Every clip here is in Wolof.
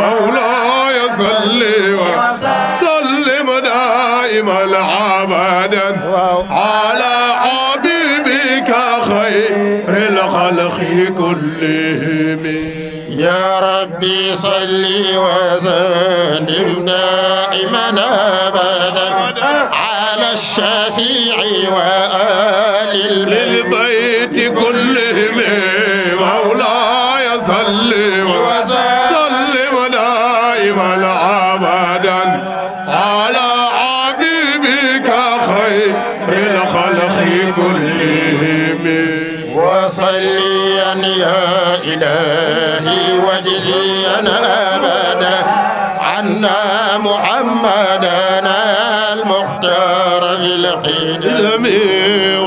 مولاي صل وسلم دائما ابدا على حبيبك خير الخلق كلهم يا ربي صل وسلم دائما ابدا على الشفيع وآل البيت كلهم مولاي صل وسلم وسلم عبدا على حبيبك خير الخلق كلهم وصليا يا إلهي وجزيا أبدا عنا محمدا المختار في القدم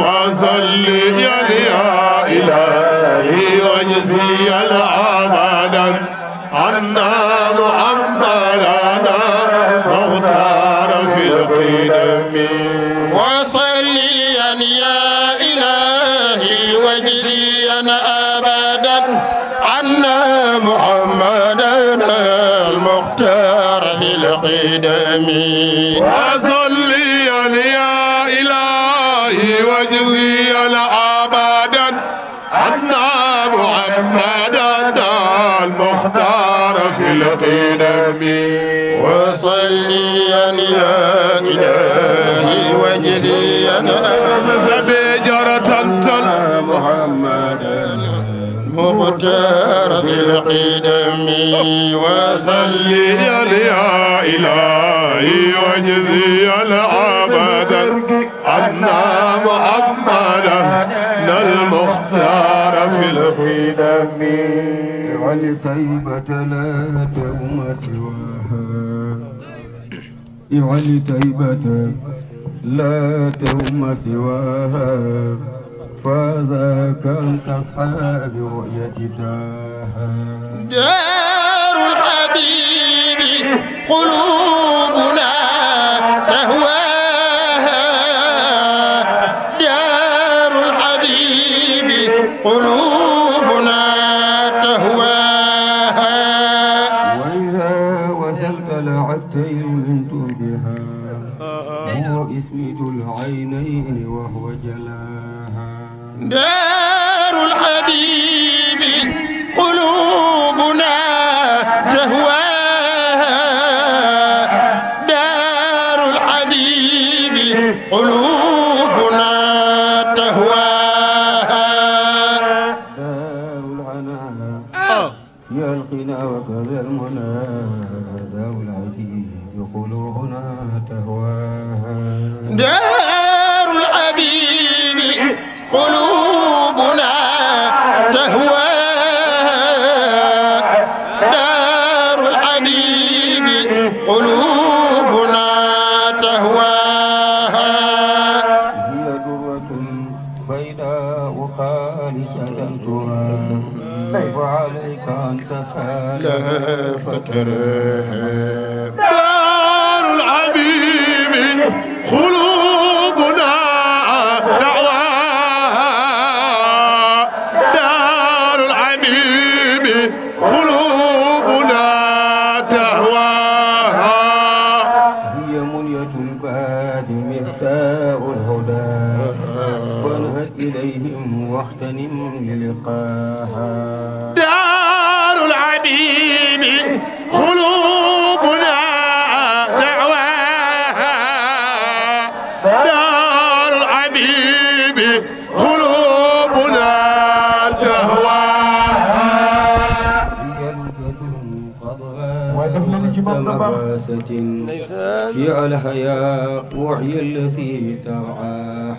وصليا يا إلهي وجزيا أبدا عنا الدم وصليا يا إلهي وجزيا أبدا عنا محمدا المختار في القدم مختار في القدم وصلي يا إلهي واجزي العبد عنا محمدا المختار في القدم ولطيبة لا تقوم سواها عن تيبة لا تهم سواها فذاك التصحاب رؤية داها دار الحبيب قلوبنا تهوى العينين وهو جلال ترهم دار الحبيب قلوبنا دعواها دار الحبيب قلوبنا تهواها هي منية الباد مفتاح الهدى فانهد إليهم واغتنم للقاها نفسة في الحياة وعي الذي ترعى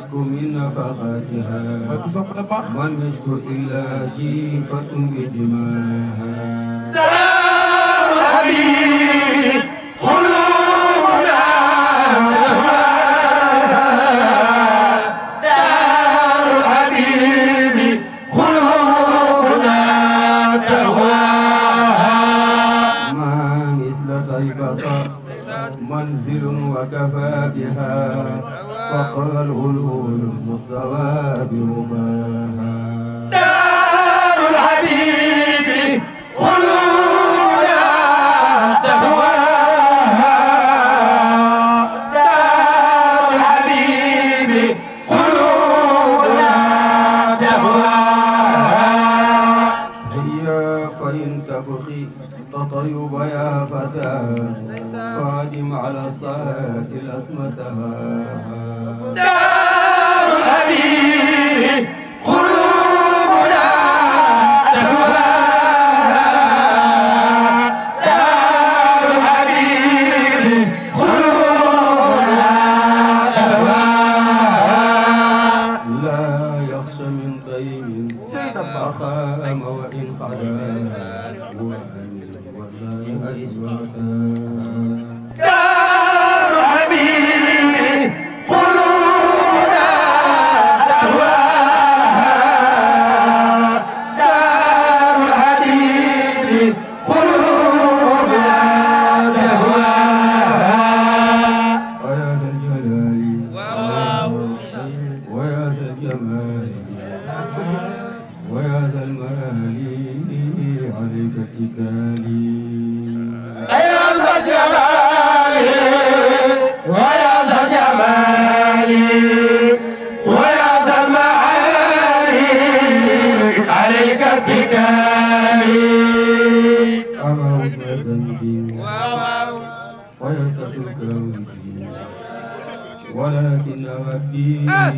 والمسك من نفقتها والمسك إلا جيفة بدماها دار الحبيب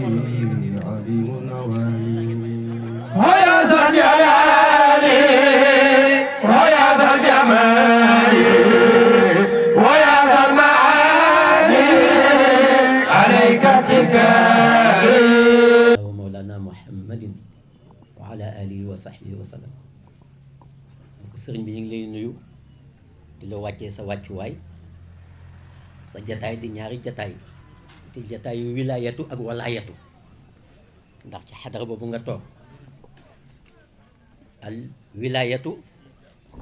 Eh, sëriñ bi ñu ngi lay nuyu di la wàccee sa wàccuwaay sa jataay di ñaari jataay te jataayu wilaayatu ak walaayatu ndax ci xadara boobu nga toog al wilaayatu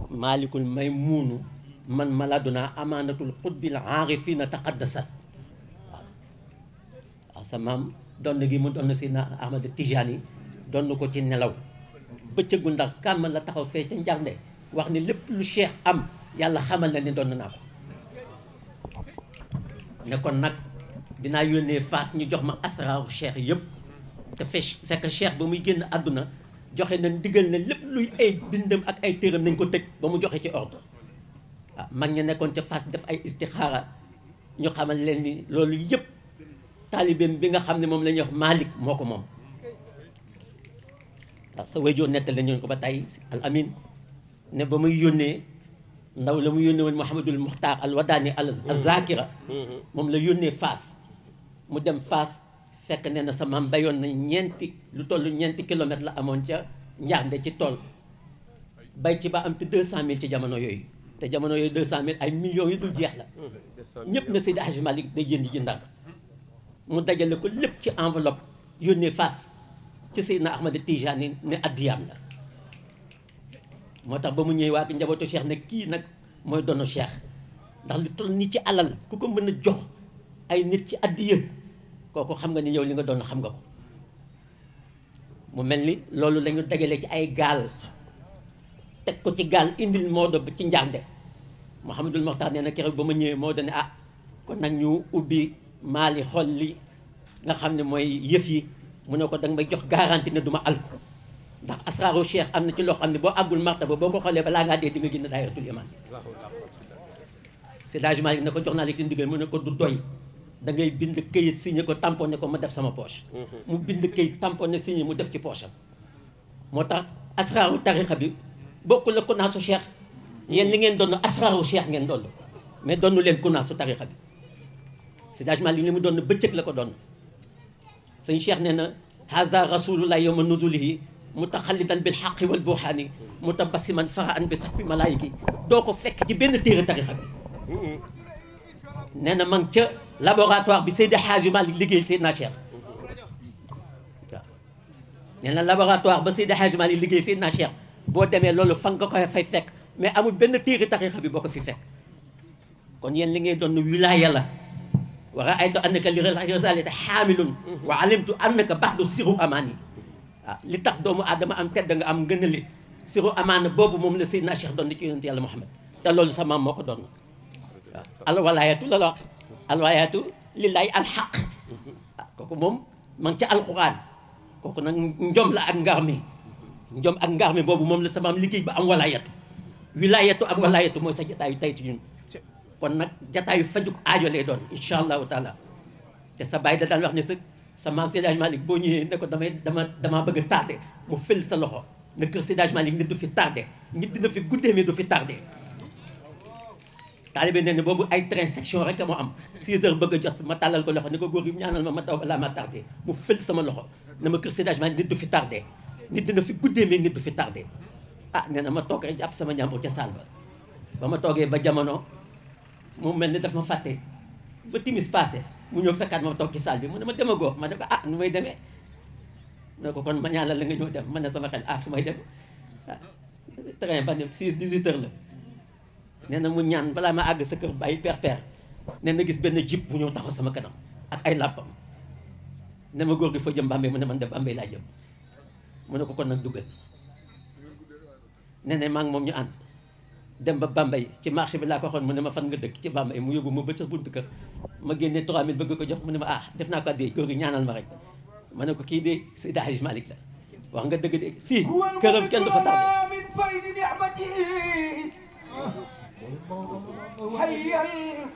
maalikul may muunu man maladuna amaanatul xutbil aarifina taqaddasat waaw waaw sa maam donn gi mu donn si na Ahmad Tijaani donn ko ci nelaw bëccëgu ndax kàmm la taxaw fee ca njarnde wax ni lépp lu cheikh am yàlla xamal na ni donn naa ko ne nag dinaa yónnee Fass ñu jox ma asraaru cheikh yëpp te fe fekk cheikh ba muy génn àdduna joxe nañ digal na lépp luy ay bindam ak ay téeram nañ ko tëj ba mu joxe ci ordre waaw ah, mag ña nekkoon ca Fass def ay istixaara ñu xamal leen ni loolu yëpp taalibeem bi nga xam ne moom la ñuy wax Malick moo ko moom waaw sa wéjoo nettal la ñooñu ko ba tey al ne ba muy yónnee ndaw la mu yónnee woon Mouhamadul Muxtaar al Wadaani al Zakira mm-hmm. moom la yónnee faas mu dem Fass fekk nee na sa maam béyoon na ñeenti lu toll ñeenti kilomètre la amoon ca Njaande ci tool bay ci ba am te deux cent mille ci jamono yooyu te jamono yooyu deux cent mille ay millions yu dul jeex la ñëpp na Seydi Hadji Malick day jënd ji ndar mu dajale ko lépp ci enveloppe yónnee Fass ci Seydina Ahmad Tijani ne addiyaam la moo tax ba mu ñëwee waa njabootu cheikh nag kii nag mooy doonu cheikh ndax lu toll nii ci alal ku ko mën a jox ay nit ci addiya kooku xam nga ni yow li nga doon xam nga ko mu mel ni loolu lañu dajale ci ay gaal teg ko ci gaal indil Maodo ba ci njaande Mouhamadul Mokhtar nee na keroog ba ma ñëwee Maodo ne ah kon nag ñu ubbi maali xol li nga xam ne mooy yëf yi mu ne ko danga may jox garanti ne duma alko ndax asraaru cheikh am na ci loo xam ne boo àggul martaba boo ko xoolee balaa ngaa dee di nga génn daayiratul iman Seydi Hadji Malick ne ko jox naa la ki ndigal mu ne ko du doy da ngay bind këyit signé ko tamponné ko ma def sama poche. Mhm. mu bind këyit tamponné signé mu def ci poche moo tax asraaru tarixa bi bokkul la kunaasu cheikh yéen li ngeen doon asraaru cheikh ngeen doon mais doonu leen kunaasu tarixa bi sédagement li li mu doon bëccëg la ko doon sëñ cheikh nee na haza rasulullah yawma nuzulihi mutaxallidan bil xaqi wal buxaani mutabasiman faraan bi sax fi malaayiki doo ko fekk ci benn téere tarixa bi mhm. nee laboratoire bi Seydi Hadji Malick liggéey Seydina Cheikh waaw nee na ba Seydi Hadji Malick liggéey Seydina Cheikh boo demee loolu fan nga koy fekk mais amul benn téere tarixa bi boo fi fekk kon yéen li ngay doon wilaaya la wa raaytu annaka li risalati xaamilun wa alimtu annaka baxdu siru amaani li tax doomu aadama am tedd nga am ngën a li siru amaana boobu moom la Seydina Cheikh doon ci yonent yàlla Muhammad te loolu sa maam moo ko doon waaw al walaayatu la alwayaatu lillahi alxaq kooku moom man ci alquran kooku nag njom la ak ngarmi njom ak ngarmi boobu moom la samaam liggéey ba am walaayatu wilaayatu ak walaayatu mooy sa jataayu taytu ñun kon nag jataayu fajuk aajo lay doon incha allahu taala te sa bàyyi da daan wax ne sa sa maam Sédage Malick boo ñëwee ne ko damay dama damaa bëgg a tardé mu fël sa loxo ne kër Sédage Malick nit du fi tardé nit dina fi guddee mais du fi tardé taalibe nee na boobu ay train section rek moo am 6 heures bëgg a jot ma tàllal ko loxo ni ko góor gi ñaanal ma ma taw balaa ma tardé mu fël sama loxo na ma kër sédage nit du fi tardé nit dina fi guddee mais nit du fi tardé ah nee ma toog rek jàpp sama njàmbur ca saal ba ba ma toogee ba jamono mu mel ni daf ma fàtte ba timis passé mu ñëw fekkaat ma toog ci saal bi mu ne ma demagoo ma dem ko ah nu may demee ne ko kon ma ñaanal la nga ñëw dem man sama xel ah fu may dem ah ba ne 6 la nee na mu ñaan balaa ma àgg sa kër bàyyi perper nee na gis benn jib bu ñoo tax taxaw sama kanam ak ay làppam ne ma góor gi foo jëm Bambey mu ne man de Bambey laa jëm mu ne ko kon nag duggal nee na maa moom ñu ànd dem ba Bambey ci marché bi laa ko waxoon mu ne ma fan nga dëkk ci Bambey mu yóbbu ma ba ca bunt kër ma génnee 3000 bëgg ko jox mu ne ma ah def naa ko addee góor gi ñaanal ma rek ma ne ko kii de Seydi Hadj Malick la wax nga dëgg de si këram kenn du fa tardé حيا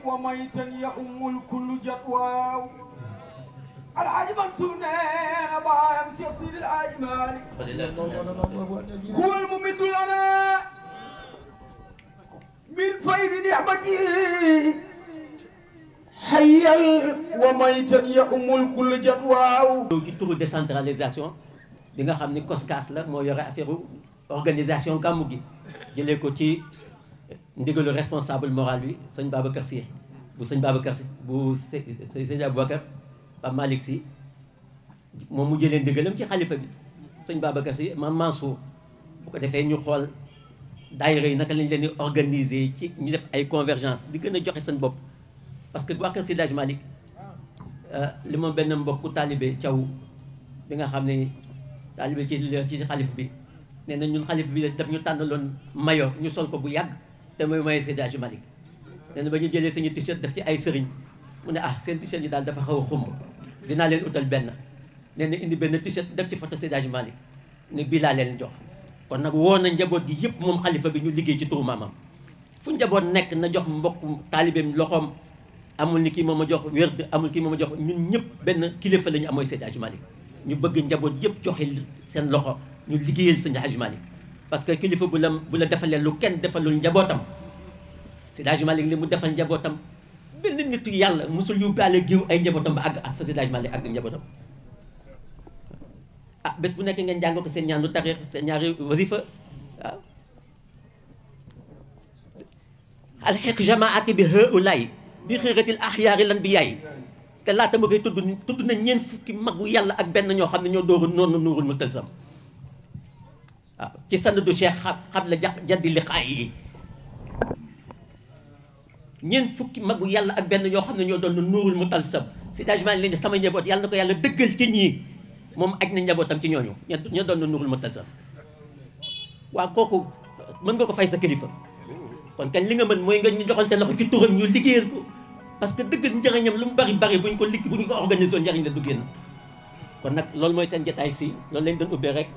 وميتا يؤم الكل جدواه الحاج منصور نانا بايم شيخ سيد الحاج مالك هو الممد لنا من فيض نعمته حيا وميتا يؤم الكل جدواه ci turu décentralisation bi nga xam ni COSCAS la moo yore affaire organisation gàmmu gi jëlee ko ci ndigalu responsable moral bi sëñ Babacar Sy bu sëñ Babacar Sy bu sëñ Aboubacar Pape Malick Sy moom mu jëlee ndigalam ci xalifa bi sëñ Babacar Sy maam Mansour bu ko defee ñu xool daayira yi naka lañ leen di ci ñu def ay convergence di gën a joxe seen bopp parce que waa Kër Seydi Hadji Malick euh, li ma benn mbokku taalibe Thiaw bi nga xam ne taalibe ci ci xalif bi nee na ñun xalif bi daf ñu tànnaloon mayo ñu sol ko bu yàgg te muy maye Seydi Hadji Malick ba ñu jëlee suñu t-shirt def ci ay sëriñ mu ne ah seen t-shirt yi daal dafa xaw a xumb dinaa leen utal benn nee na indi benn t-shirt def ci photo Seydi Hadji Malick ne bii laa leen jox kon nag woo na njaboot gi yëpp moom xalifa bi ñu liggéey ci turu maamam fu njaboot nekk na jox mbokk taalibeem loxoom amul ni kii moom a jox wérd amul kii moom a jox ñun ñëpp benn kilifa lañu ñu amooy Seydi Hadji ñu bëgg njaboot yëpp joxe seen loxo ñu liggéeyal Seydi Hadji Malick parce que kilifa bu la bu la defalee lu kenn defalul njabootam Seydi Hadji Malick li mu defal njabootam benn nitu yàlla mosul yóbbaale giw ay njabootam ba àgg ak ah, fa Seydi Hadji Malick àgg njabootam ah, bu nekk ngeen jàng ko seen ñaanu tarix seen ñaari wasifa waaw ah. alxeq jamaati bi haulaay bi xëratil axyaari lan bi yaay te laata ma koy tudd tudd na ñeent fukki magu yàlla ak benn ñoo xam ne ñoo dooru noonu nuurul mu tëlsam waaw ah, ci du cheikh xam xam la ja jaddi liqaay yi ñeent fukki magu yàlla ak benn yoo xam ne ñoo doon nuurul mu talsam si dajman leen sama njaboot yàlla na ko yàlla dëggal ci ñii moom aj na njabootam ci ñooñu ñoo doon nuurul mu talsam waaw kooku mën nga ko fay sa kilifa kon kañ li nga mën mooy nga ñu joxante ko ci turam ñu liggéeyal ko parce que dëgg njëriñam lu mu bari bari buñ ko bu buñ ko organisé woon njëriñ la du génn kon nag loolu mooy seen jotaay si loolu lañ doon ubbee rek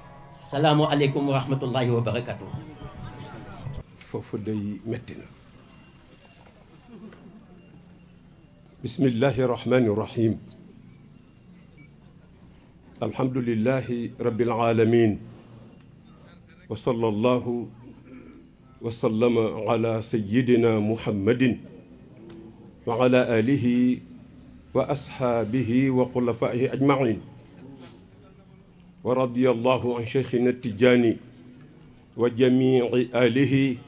salaamualeykum wa rahmatullahi wa barakatu foofu day metti na bismillahi rahmani rahim alhamdulilahi rabbil alamin wa sallallahu wa sallama ala sayyidina muhammadin wa ala alihi wa ashaabihi wa xulafaihi ajmain wa radiyallahu an cheikhina tijaani wa jamici alihi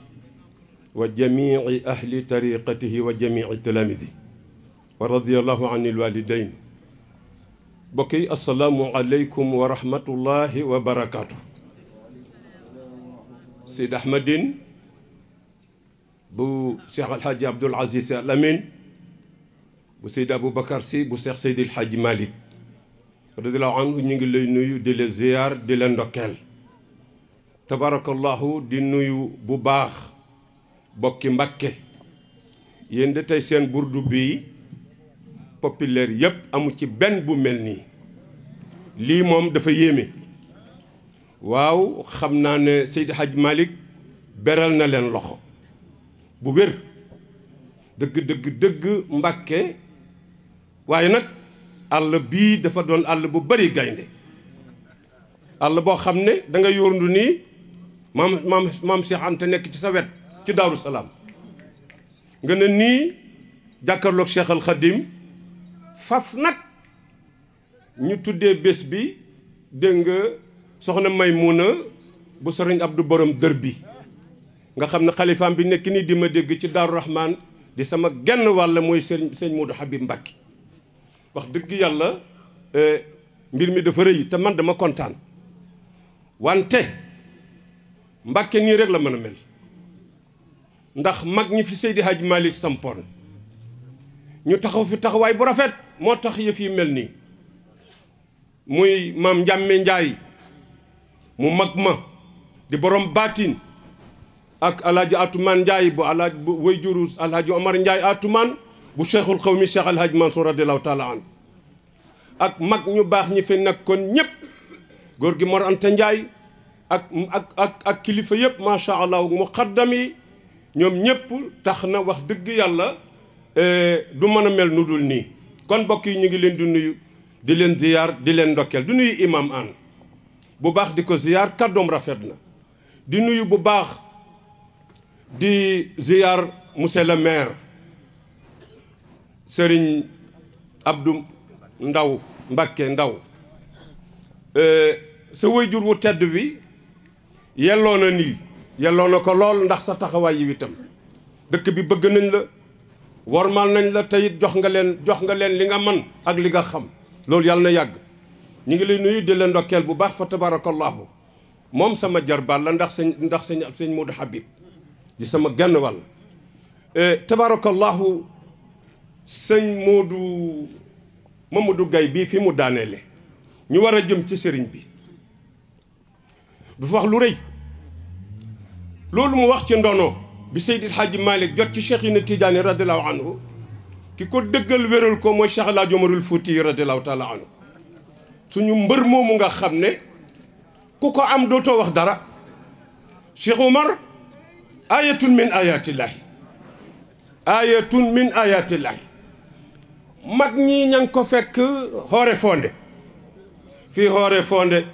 wa jamici ahli tariqatihi wa jamici talamidi wa radiyallahu an ilwalidain mbokk yi asalaamu aleykum wa rahmatullahi wa barakaatu Seydi Ahmadine bu Cheikh Alhaaji Abdoul Aziz Al Amin bu Seydi Aboubacar Sy bu Cheikh Seydi Alhaaji Malick radiallahu anhu ñu ngi lay nuyu di la ziyaar di la ndokkeel tabarakallahu di nuyu bu baax bokki Mbàkke yéen de tey seen burdu bi populaire yépp amu ci benn bu mel nii lii moom dafa yéeme waaw xam naa ne Seydi Hadj Malick beral na leen loxo bu wér dëgg dëgg dëgg Mbàkke waaye nag àll bii dafa doon àll bu bari gaynde àll boo xam ne da yoor ndu nii maam maam maam Cheikh Anta nekk ci sa wet ci Daaru Salaam nga ne nii jàkkarloog Cheikh Al Khadim faf nag ñu tuddee bés bi dégg nga soxna Maymuna bu sëriñ Abdu borom dër bi nga xam ne xalifaam bi nekk nii di ma dégg ci Daaru Rahman di sama genn wàll mooy sëriñ sëriñ Moodu Habib Mbacke wax dëgg yàlla eh, mbir mi dafa rëy te man dama kontaan wante mbàkke nii rek la mën a mel ndax mag ñi fi Seydi Hadj Malick sampoon ñu taxaw fi taxawaay bu rafet moo tax yëf yi mel nii muy maam Njàmme Njaay mu mag ma di borom baatin ak alaaji atumaan Njaay bu alaaj bu wëy juru alaaji Omar Njaay atumaan bu cheikhul xawmi cheikh alhaj mansour radiallahu taala an ak mag ñu baax ñi fi kon ñëpp góor gi Mor Anta Ndiaye ak ak ak kilifa yëpp macha allah muqaddam xaddami ñoom ñëpp tax na wax dëgg yàlla eh, du mën a mel nu dul nii kon mbokk yi ñu ngi leen di nuyu di leen ziyaar di leen ndokkeel du nuyu imam an bu baax di ko ziyaar kàddoom rafet na di nuyu bu baax di ziyaar monsieur le maire sëriñ Abdou Ndaw Mbakke Ndaw euh, sa wayjur wu tedd wi yelloo na nii yelloo na ko lool ndax sa taxawaay yi itam dëkk bi bëgg nañ la wormaal nañ la teyit jox nga leen jox nga leen li nga man ak li nga xam loolu yàlla na yàgg ñu ngi lay nuyu di leen ndokkeel bu baax fa tabarakallahu moom sama jarbaal la ndax sëñ ndax sëñ sëñ Modou Habib di sama genn wàll euh, tabarakallahu sëñ Modou Mamadou gay bii fi mu daaneele ñu war a jëm ci sëriñ bi du wax lu rëy loolu mu wax ci ndono bi Seydil xaj Malick jot ci Cheikh Ibn Tidiane radiallahu anhu ki ko dëggal wéral ko mooy Cheikh El Hadj Omarul Fouti radiallahu taala anhu suñu mbër moomu nga xam ne ku ko am dootoo wax dara Cheikh Omar ayatun min ayatillahi ayatun min ayatillahi mag ñi ña ngi ko fekk Hoore Fonde fii Hoore Fonde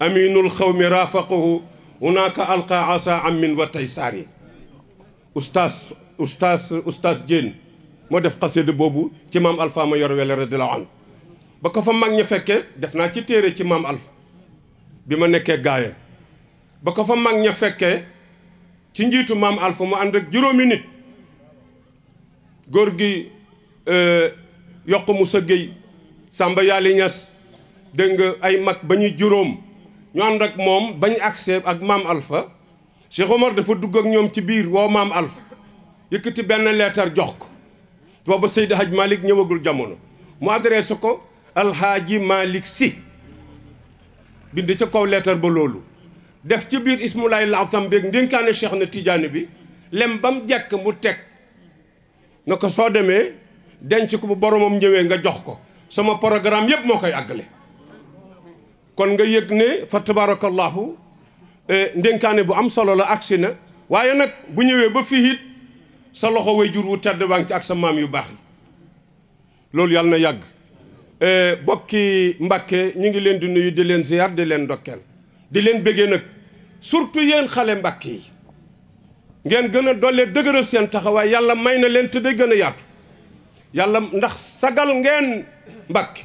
aminul xawmi rafaqahu hunaka alqa asa amin wa tay saari oustaz oustaz oustaz Diène moo def xasida boobu ci maam Alpha ma yor wele radiallahu ba ko fa mag ña fekkee def naa ci téere ci maam Alpha bi ma nekkee gaaya ba ko fa mag ñi fekkee ci njiitu maam Alpha mu ànd ak juróomi nit góor gi euh, yokk Moussa Gueye Samba Yali Niass dégg nga ay mag ba ñu juróom ñu ànd ak moom bañ accès ak maam alfa Cheikh Omar dafa dugg ak ñoom ci biir woo maam Alpha yëkkati benn leetar jox ko booba Seydi Hadj Malick ñëwagul jamono mu adressé ko alhaaji Malick Sy bind ca kaw leetar ba loolu def ci biir ismulaay laasam beeg ndénkaane Cheikh na Tidiane bi lem ba mu jekk mu teg nga ko soo demee denc ko bu boromam ñëwee nga jox ko sama programme yëpp moo koy àggale kon nga yëg ne fa tabarakallahu eh, ndénkaane bu am solo la agsi na waaye nag bu ñëwee ba fii it sa loxo way jur wu tedd baa ngi ci ak sa maam yu baax yi loolu yàlla na yàgg eh, bokki Mbàkke ñu ngi leen di nuyu di leen ziar di leen ndokkeel di leen béggee nag surtout yéen xale Mbàkke yi ngeen gën a dollee dëgëral seen taxawaay yàlla may na leen te day gën a yaatu yàlla ndax sagal ngeen Mbàkke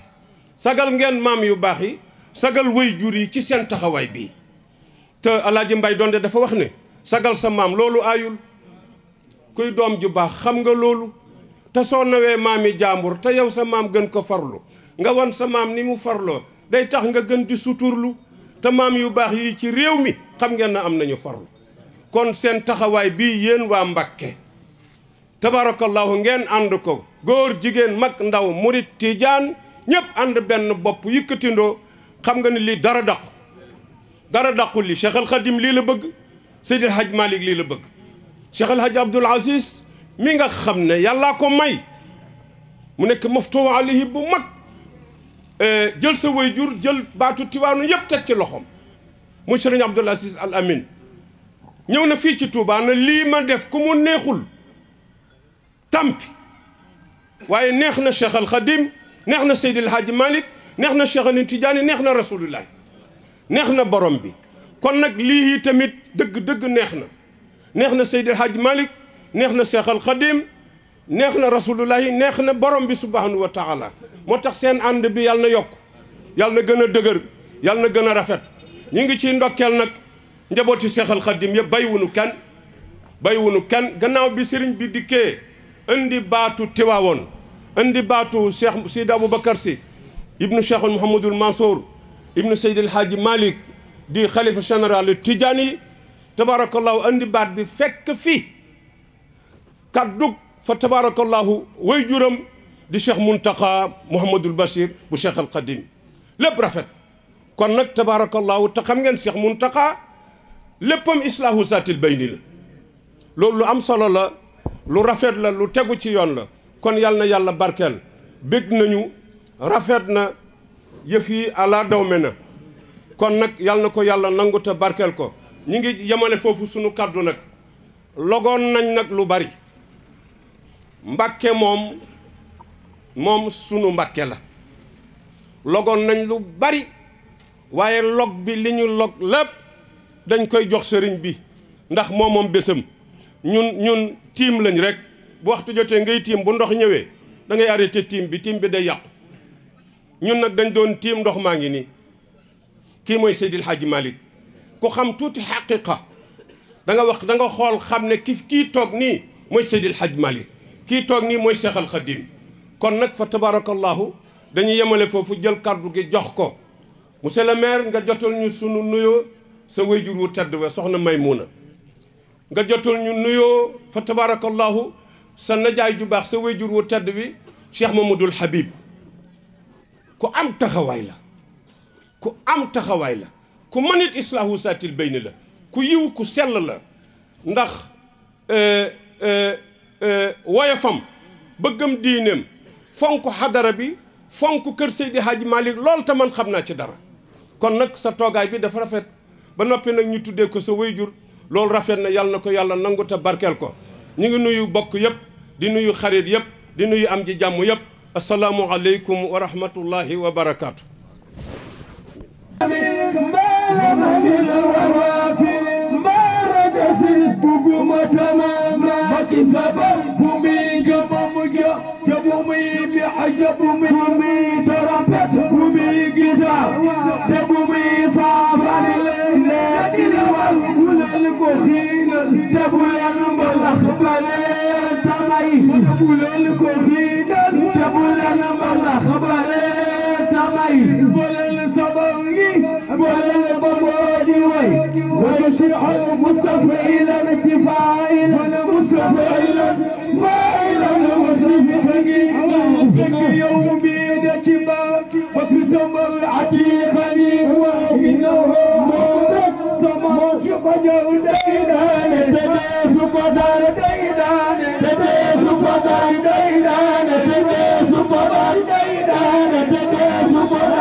sagal ngeen maam yu baax yi sagal way jur yi ci seen taxawaay bii te alaaji mbay donde dafa wax ne sagal sa maam loolu aayul kuy doom ju baax xam nga loolu te soo nawee maami jaambur te yow sa maam gën ko farlu nga wan sa maam ni mu farloo day tax nga gën di suturlu te maam yu baax yi ci réew mi xam ngeen na am nañu farlu kon seen taxawaay bii yéen waa Mbàkke tabarakallahu ngeen ànd ko góor jigéen mag ndaw murit tijaan ñëpp ànd benn bopp yëkkatindoo xam nga ni lii dara daqu dara daqu lii Cheikh Al lii la bëgg Seydi El Hadj lii la bëgg Cheikh El Hadj Abdoul mi nga xam ne yàllaa ko may mu nekk maftuhu alayhi bu mag e, jël sa waajur jël baatu tiwaanu yëpp teg ci loxoom muy Sëriñ Abdoul Aziz Al Amin ñëw na fii ci Touba lii ma def ko mu neexul tampi waaye neex na Cheikh Al neex na Seydil xaj malik neex na Cheikh Alioune Tidiane neex na Rasulullah neex na borom bi kon nag lii tamit dëgg-dëgg neex na neex na Seydil Hadji Malick neex na Cheikh Al neex na rasulullahi neex na borom bi subhanahu wa taala moo tax seen ànd bi yàlla na yokk yàlla na gën a dëgër yàlla na gën a rafet ñu ngi ciy ndokkeel nag njabooti Cheikh Al Khadim yëpp bàyyiwunu kenn bàyyiwunu kenn gannaaw bi sëriñ bi dikkee indi baatu Tiwaawoon indi baatu Cheikh Sidi Aboubacar si ibnu Cheikh Mouhamadul Mansour ibnu Seydil Hadji Malick di xalifa général Tidjani yi tabarakallahu baat bi fekk fii kaddug fa tabarakallahu way juram di Cheikh Mountakha Mouhamadul Bachir bu Cheikh al Khadim lépp rafet kon nag tabarakallahu te xam ngeen Cheikh Mountakha léppam islaahu zaatil bayni loolu am solo lu rafet la lu tegu ci yoon la kon yàlla na yàlla barkeel bég nañu rafet na yëf yi alaa na kon nag yal na ko yàlla nangu te barkeel ko ñi ngi yemale foofu sunu kàddu nag logoon nañ nag lu bari mbàkke moom moom sunu mbàkke la logoon nañ lu bari waaye log bi li ñu log lépp dañ koy jox sëriñ bi ndax moom moom bésam ñun ñun tiim lañ rek bu waxtu jotee ngay tiim bu ndox ñëwee da ngay arrêté tiim bi tiim bi day yàqu ñun nag dañ doon tiim ndox maa ngi nii kii mooy Seydil Hadji malik ku xam tuuti xaqiqa da nga wax danga xool xam ne ki kii toog nii mooy Seydil Hadji Malick kii toog nii mooy Cheikh Al Khadim kon nag fa tabarakallahu dañuy yemale foofu jël kàddu gi jox ko mu le nga jotal ñu sunu nuyoo sa wayjur wu tedd wa soxna Maymouna nga jotul ñu nuyoo fa tabarakallahu sa najaay ju baax sa wéjur wu tedd bi Cheikh Mamadul Habib ku am taxawaay la ku am taxawaay la ku mënit islaahu saatil bayni la ku yiw ku sell la ndax eh, eh, eh, woyofam bëggam diineem fonk xadara bi fonk kër Seydi Hadji Malick loolu te man xam naa ci dara kon nag sa toogaay bi dafa rafet ba noppi nag ñu tuddee ko sa wéyjur loolu rafet na yàlla na ko yàlla nangu te barkeel ko ñu ngi nuyu bokk yépp di nuyu xarit yépp di nuyu am ji jàmm yëpp asalaamu aleykum wa rahmatullahi wa barakaatu. بقوم تماما مكسبا gummi te gummi mi ajab tamay gulal ko xiina te gulal mbalax ونشرع المصطفى إلى الانتفاع إلى المصطفى إلى فإلى المصطفى يومي نجمع وكسم العتيقني وإنه سمع شفجر دينان تداس قدر دينان تداس قدر دينان تداس قدر دينان تداس قدر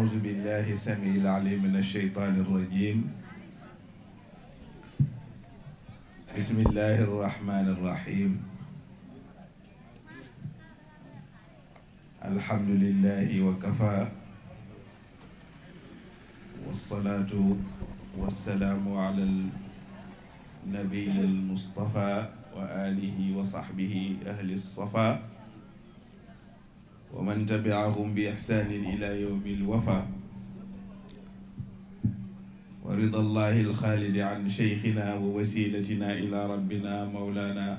أعوذ بالله السميع العليم من الشيطان الرجيم بسم الله الرحمن الرحيم الحمد لله وكفى والصلاة والسلام على النبي المصطفى وآله وصحبه أهل الصفا wa man tabiahum bi ixsaanin ila yowmi alwafa wa rida allahi alxaalidi an cheykhina wa wasilatina ila rabbina mawlana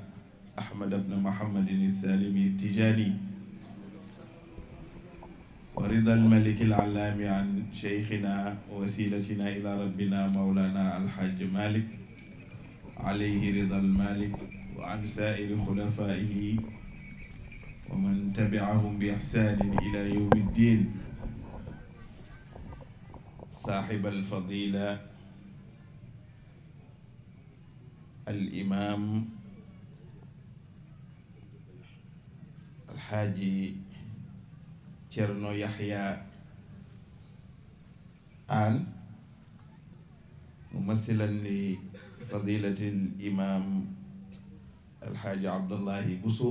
ahmad bna mohammadin alsalimi tijaani wa rida almalik alaalaami an cheykhina wa wasilatina ila rabbina mawlana alxaaj malik alayhi rida almalik wa an saa'iri xulafaaihi wa man tabiahum bi ixsaanin ila yowmi ddin saaxib alfadila alimam alxaaji cerno yaxya aan mumasilan li fadilati alimam alxaaji abdullahi buso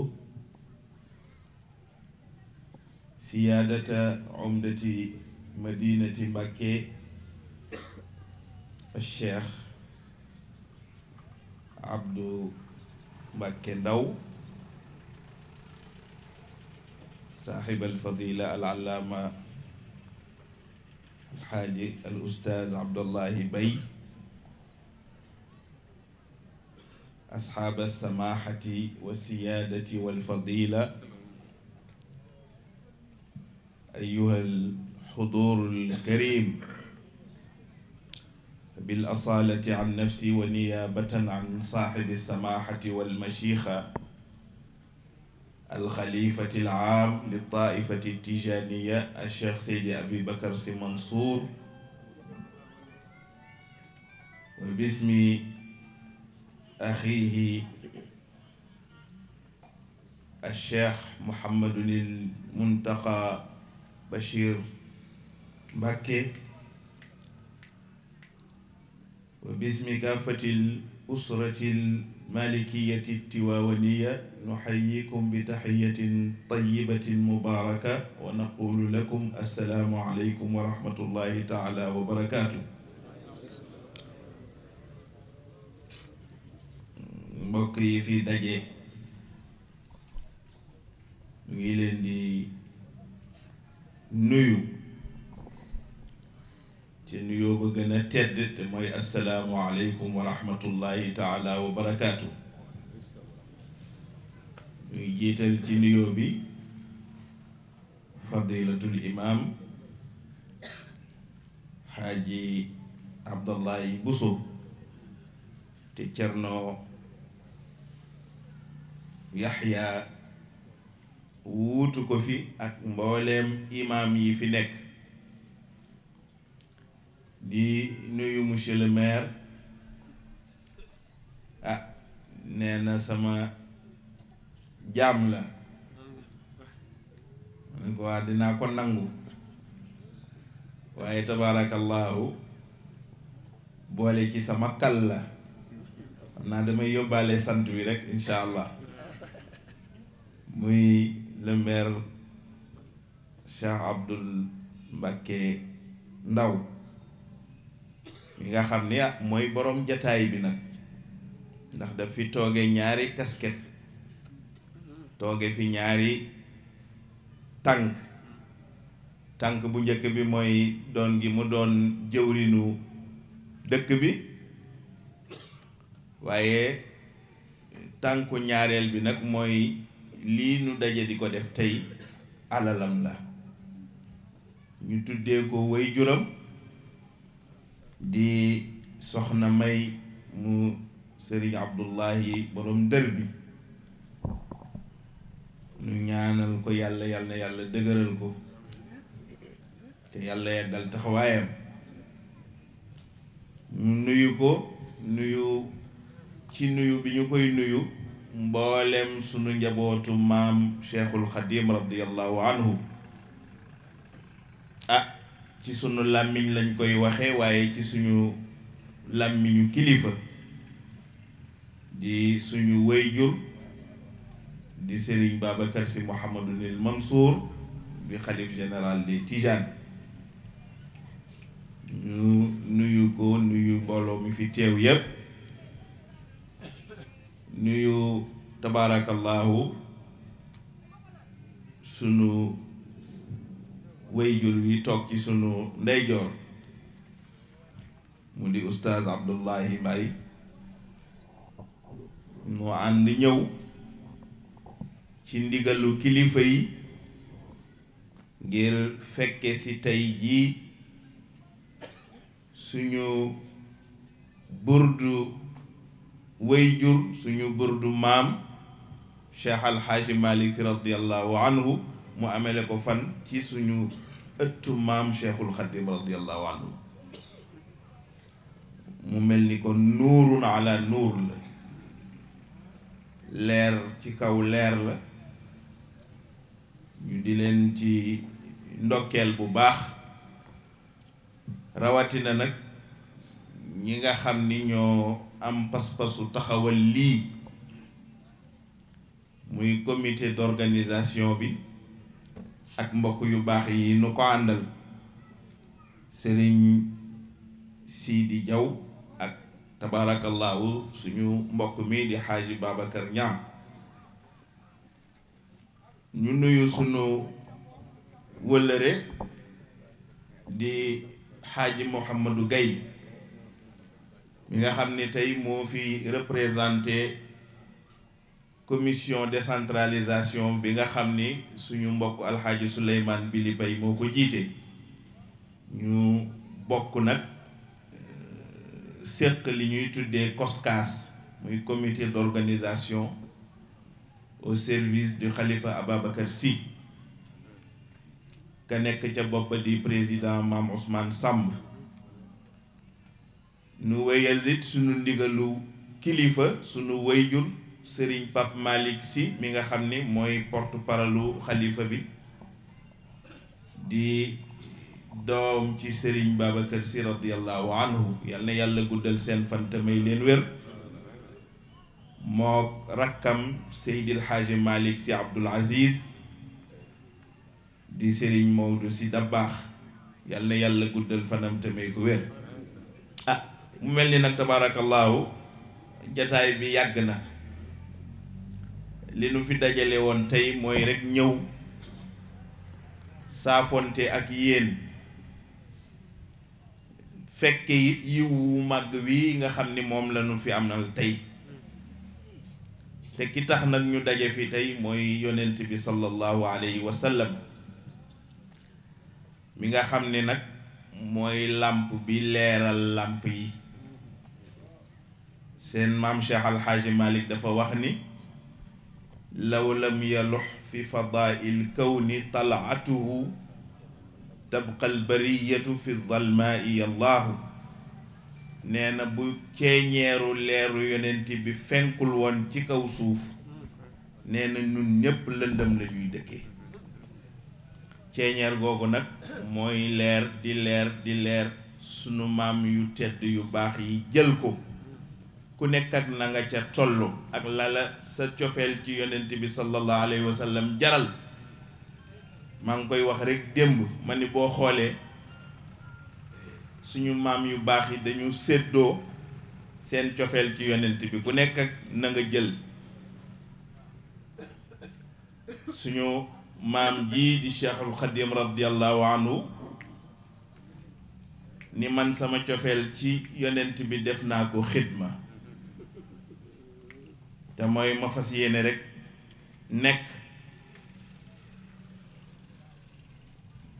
siyaadata umdati madinati Mbàkke Cheikh Abdou Mbàkke Ndaw saaxib alfadila alallaama alxaaji al ustaaz Abdullahi Bay asxaab alsamaaxati wa siyaadati walfadila أيها الحضور الكريم بالأصالة عن نفسي ونيابة عن صاحب السماحة والمشيخة الخليفة العام للطائفة التجانية الشيخ سيدي أبي بكر سي منصور وباسم أخيه الشيخ محمد المنتقى Bachir Mbacke wa bismi kaafatil usratil malikiyati tiwaawaniya nuxayikum bi taxiyatin tayibatin mubaaraka wa naqulu lakum assalaamu aleykum wa rahmatullahi taala wa barakaatu mbokk yi fi daje ngi leen di nuyu ci nuyoo ba gën a tedd te mooy asalaamualeykum wa rahmatullahi taala wa ñuy jiital ci nuyoo bi fadilatul imaam xaaji abdallahi buso te cerno yaxya wuutu ko fi ak mboolem imaam yi fi nekk di nuyu monsieur le maire ah nee na sama jaam la ma ko dinaa ko nangu waaye tabaarakallaahu boole ci sama kal la xam naa damay yóbbaale sant wi rek incha allah muy le maire Cheikh Abdoul Ndaw mi nga xam ni ah, mooy boroom jataay bi nag ndax daf fi tooge ñaari casquette tooge fi ñaari tànk tànk bu njëkk bi mooy doon gi mu doon jëwrinu dëkk bi waaye tànku ñaareel bi nag mooy lii nu daje di ko def tey alalam la ñu tuddee ko way juram di soxna may mu sëriñ abdullahi borom dër bi ñu ñaanal ko yàlla yàlla yàlla dëgëral ko te yàlla yàggal taxawaayam mu nuyu ko nuyu ci nuyu bi ñu koy nuyu mboolem sunu njabootu maam cheikhul xadim radiallahu anhu ah ci sunu làmmiñ lañ koy waxe waaye ci suñu làmmiñu kilifa di suñu wéyjur di sëriñ Babacar si Mouhamadunil Mansour bi xalif général des Tijanes ñu nuyu ko nuyu mbooloo mi fi teew yépp nuyu tabaarakallaahu sunu wejur wi toog ci sunu ndeyjoor mu di ustaaz Abdullahi Mbaye mu ànd ñëw ci ndigalu kilifa yi ngir fekke ci tey ji suñu burdu wayjur suñu burdu maam cheikh alxaaji malik si radiallahu anhu mu amele ko fan ci suñu ëttu maam cheikhul xadim radiallahu anhu mu mel ni ko nuurun ala nuur la leer ci kaw leer la ñu di leen ci ndokkeel bu baax rawatina nag ñi nga xam ni ñoo am pas-pasu taxawal lii muy comité d'organisation bi ak mbokk yu baax yi nu ko àndal sëriñ Sidi Diaw ak tabaarakallaahu suñu mbokk mi di xaaji Babacar Ñaam ñu nuyu sunu wëllëre di xaaji Mouhamadou gay mi nga xam ne tey moo fi représenté commission décentralisation bi nga xam ni suñu mbokk alxaaji Souleymane Bili Pay moo ko jiite ñu bokk nag euh, séq li ñuy tuddee COSCAS muy comité d'organisation au service du xalifa Ababacar si ka nekk ca bopp di président Mame Ousmane Samb nu wéyal it sunu ndigalu kilifa sunu wéyjul sëriñ Pape Malick Sy mi nga xam ni mooy port paralu xalifa bi di doom ci sëriñ Babacar Sy radiallahu anhu yàlla na yàlla guddal seen fan te may leen wér moo rakkam Seydil Hadji Malick Sy Abdoul Aziz di sëriñ Maodo Sy Dabakh yal na yàlla guddal fanam te may ko wér mu mel ni nag tabaarakallaahu jataay bi yàgg na li nu fi dajale woon tey mooy rekk ñëw saafonte ak yéen fekke it yiw wu màgg wi nga xam ni moom la nu fi am na tey te ki tax nag ñu daje fi tey mooy yonent bi sallallahu alayhi wa mi nga xam ni nag mooy làmp bi leeral làmp yi seen maam Cheikh Alxaaji Malik dafa wax ni law lam yalux fi fadail kawni talaatuhu tabqa albariyatu fi zalmaai allahu nee bu ceeñeeru leeru yonent bi fenkul woon ci kaw suuf nee na ñun ñépp lëndëm la ñuy dëkkee ceeñeer googu nag mooy leer di leer di leer sunu maam yu tedd yu baax yi jël ko ku nekk ak na nga ca tollu ak lala sa cofeel ci yonent bi sallallahu alayhi wa sallam jaral maa ngi koy wax rek démb ma ni boo xoolee suñu maam yu baax yi dañu séddoo seen cofeel ci yonent bi ku nekk ak na jël suñu maam ji di cheikhul xadim radiallahu anhu ni man sama cofeel ci yonent bi def naa ko xidma te mooy ma fas yéene rek nekk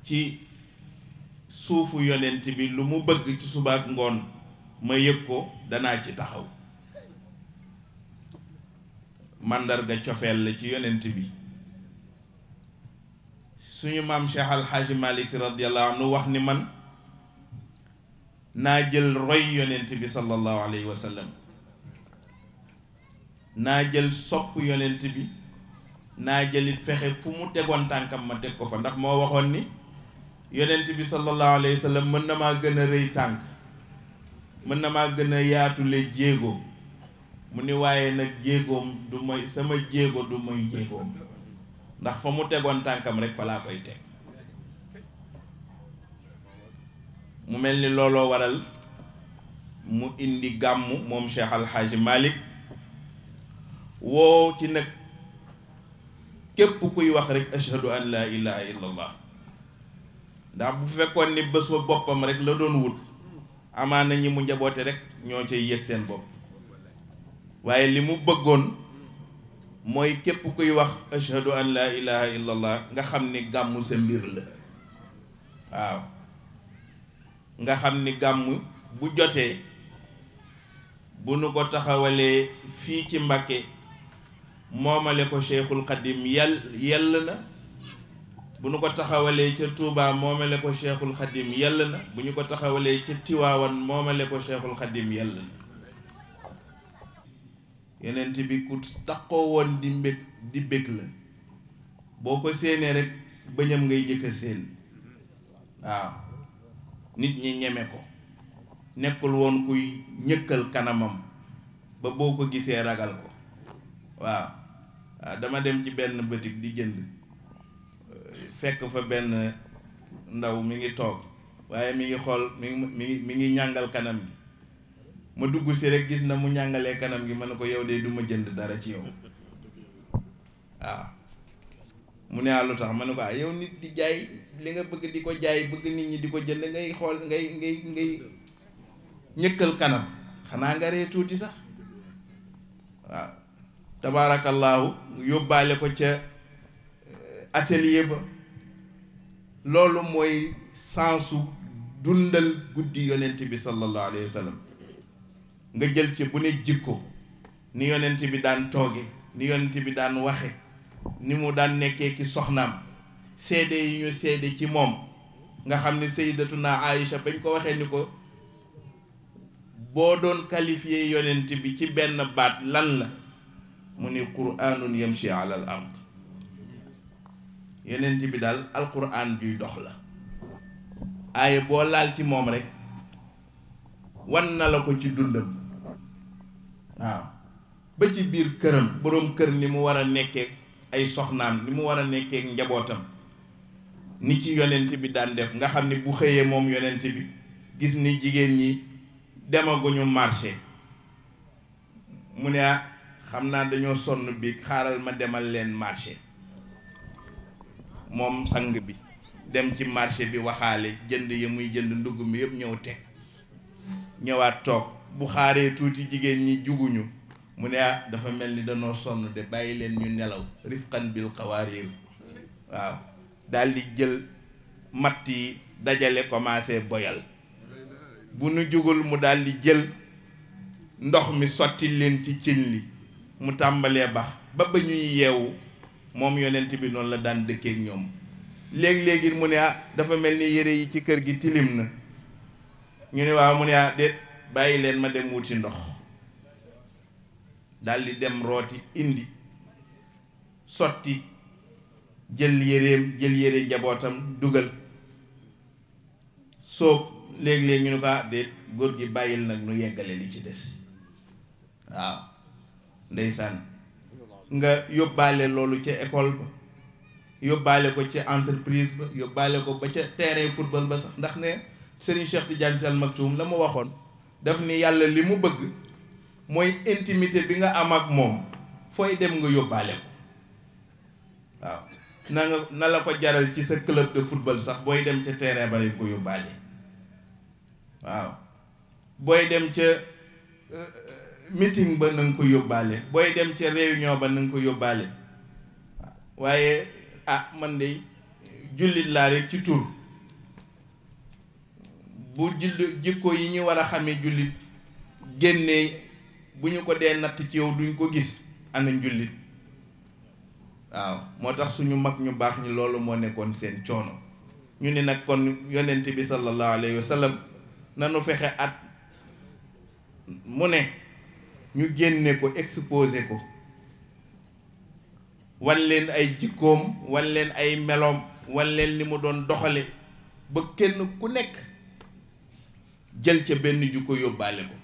ci suufu yonent bi lu mu bëgg ci suba ak ngoon ma yëg ko danaa ci taxaw màndarga cofeel la ci yonent bi suñu maam Cheikh Alxaaji Malik Si radiyallahu anhu wax ni man naa jël roy yonent bi sallallahu alayhi wa sallam naa jël sopp yonent bi naa jëlit fexe fu mu tegoon tànkam ma teg ko fa ndax moo waxoon ni yonent bi sallallahu alayhi wa sallam mën na maa gën a rëy tànk mën na maa gën a yaatule jéego mu ni waaye nag jéegoom du moy sama jéego du moy jéegoom ndax fa mu tegoon tànkam rek fa laa koy teg mu mel ni looloo waral mu indi gàmmu moom Cheikh Alxaaji Malik woo ci nag képp kuy wax rek ashhadu an laa ilaha illallah ndax bu fekkoon ni bés ba boppam rek la doon wut amaana ñi mu njaboote rek ñoo ci yéeg seen bopp waaye li mu bëggoon mooy képp kuy wax ashhadu an laa ilaha illallah nga xam ni gàmmu sa mbir la waaw nga xam ni gàmmu bu jotee bu nu ko taxawalee fii ci Mbàkke moomale ko cheikhul xadim yell yell na bu nu ko taxawalee ca Touba moomale ko cheikhul xadim yell na bu ñu ko taxawalee ca Tiwaawan moomale ko cheikhul xadim yell na yeneen bi ku taqoo woon di mbég di bég la boo ko séenee rek bëñam ngay njëkk seen waaw nit ñi ñeme ko nekkul woon kuy ñëkkal kanamam ba boo ko gisee ragal ko waaw waaw ah, dama dem ci benn bëtig di jënd euh, fekk fa benn ndaw mi ngi toog waaye mi ngi xool mi ngi mi ngi ñàngal kanam gi ma dugg si rek gis na mu ñàngalee kanam gi ma ne ko yow de du ma jënd dara ci yow waaw ah. mu ne ah, lu tax ma ne ko ah yow nit di jaay li nga bëgg di ko jaay bëgg nit ñi di ko jënd ngay xool ngay ngay ngay ñëkkal kanam xanaa nga ree tuuti sax waaw tabaarakallaahu yóbbaale ko ca eh, atelier ba loolu mooy sensu dundal guddi yonent bi sallallahu alayhi wa nga jël ci bu ne jikko ni yonent bi daan tooge ni yonent bi daan waxe ni mu daan nekkee ki soxnaam seede yi ñu seede ci moom nga xam ne sayyidatuna Aïcha bañ ko waxee ni ko boo doon qualifier yonent bi ci benn baat lan la mu ni quraanun yamshi ala al ard yeneent bi daal alquran juy dox la aaye boo laal ci moom rek wan na la ko ci dundam waaw ba ci biir këram boroom kër ni mu war a nekkee ay soxnaam ni mu war a nekkee njabootam ni ci yonent bi daan def nga xam ni bu xëyee moom yonent bi gis ni jigéen ñi demaguñu marché mu ne xam naa dañoo sonn bi xaaral ma demal leen marché moom sang bi dem ci marché bi waxaale jënd yi muy jënd ndugg mi yëpp ñëw teg ñëwaat toog bu xaaree tuuti jigéen ñi juguñu mu ne ah dafa mel ni danoo sonn de bàyyi leen ñu nelaw rifkan bil xawaarir waaw daal di jël matt yi dajale commencé boyal bu nu jugul mu daldi jël ndox mi sotti leen ci cin li mu tàmbalee baax ba ba ñuy yeewu moom yonent bi noonu la daan dëkkee ñoom léegi-léegi mu ne ah dafa mel ni yére yi ci kër gi tilim na ñu ne waaw mu ne ah déet bàyyi leen ma dem wuti ndox daldi dem rooti indi sotti jël yéreem jël yére njabootam dugal soob léegi-léegi ñu ne ko ah déet góor gi bàyyil nag nu yeggale li ci des waaw ndeysaan nga yóbbaale loolu ca école ba yóbbaale ko ci entreprise ba yóbbaale ko ba ca terrain football ba sax ndax ne Serigne Cheikh Tidiane Sy Al Maktoum la mu waxoon daf ni yàlla li mu bëgg mooy intimité bi nga am ak moom fooy dem nga yóbbaale ko waaw na nga na la ko jaral ci sa club de football sax booy dem ca terrain ba lañ ko yóbbaale waaw booy dem ca meeting ba na ko yóbbaale booy dem ca réunion ba na ko yóbbaale waaye a ah, man de jullit laa rek ci tur bu jill jikko yi ñu war a xamee jullit génnee bu ñu ko dee natt ci yow duñ ko gis ana njullit waaw moo tax suñu mag ñu baax ñi loolu moo nekkoon seen coono ñu ni nag kon yonent bi sallallahu alayhi wa sallam nanu fexe at mu ne ñu génne ko exposé ko wan ay jikkoom wan leen ay meloom wan leen li mu doon doxale ba kenn ku nekk jël ca benn jikko yóbbaale ko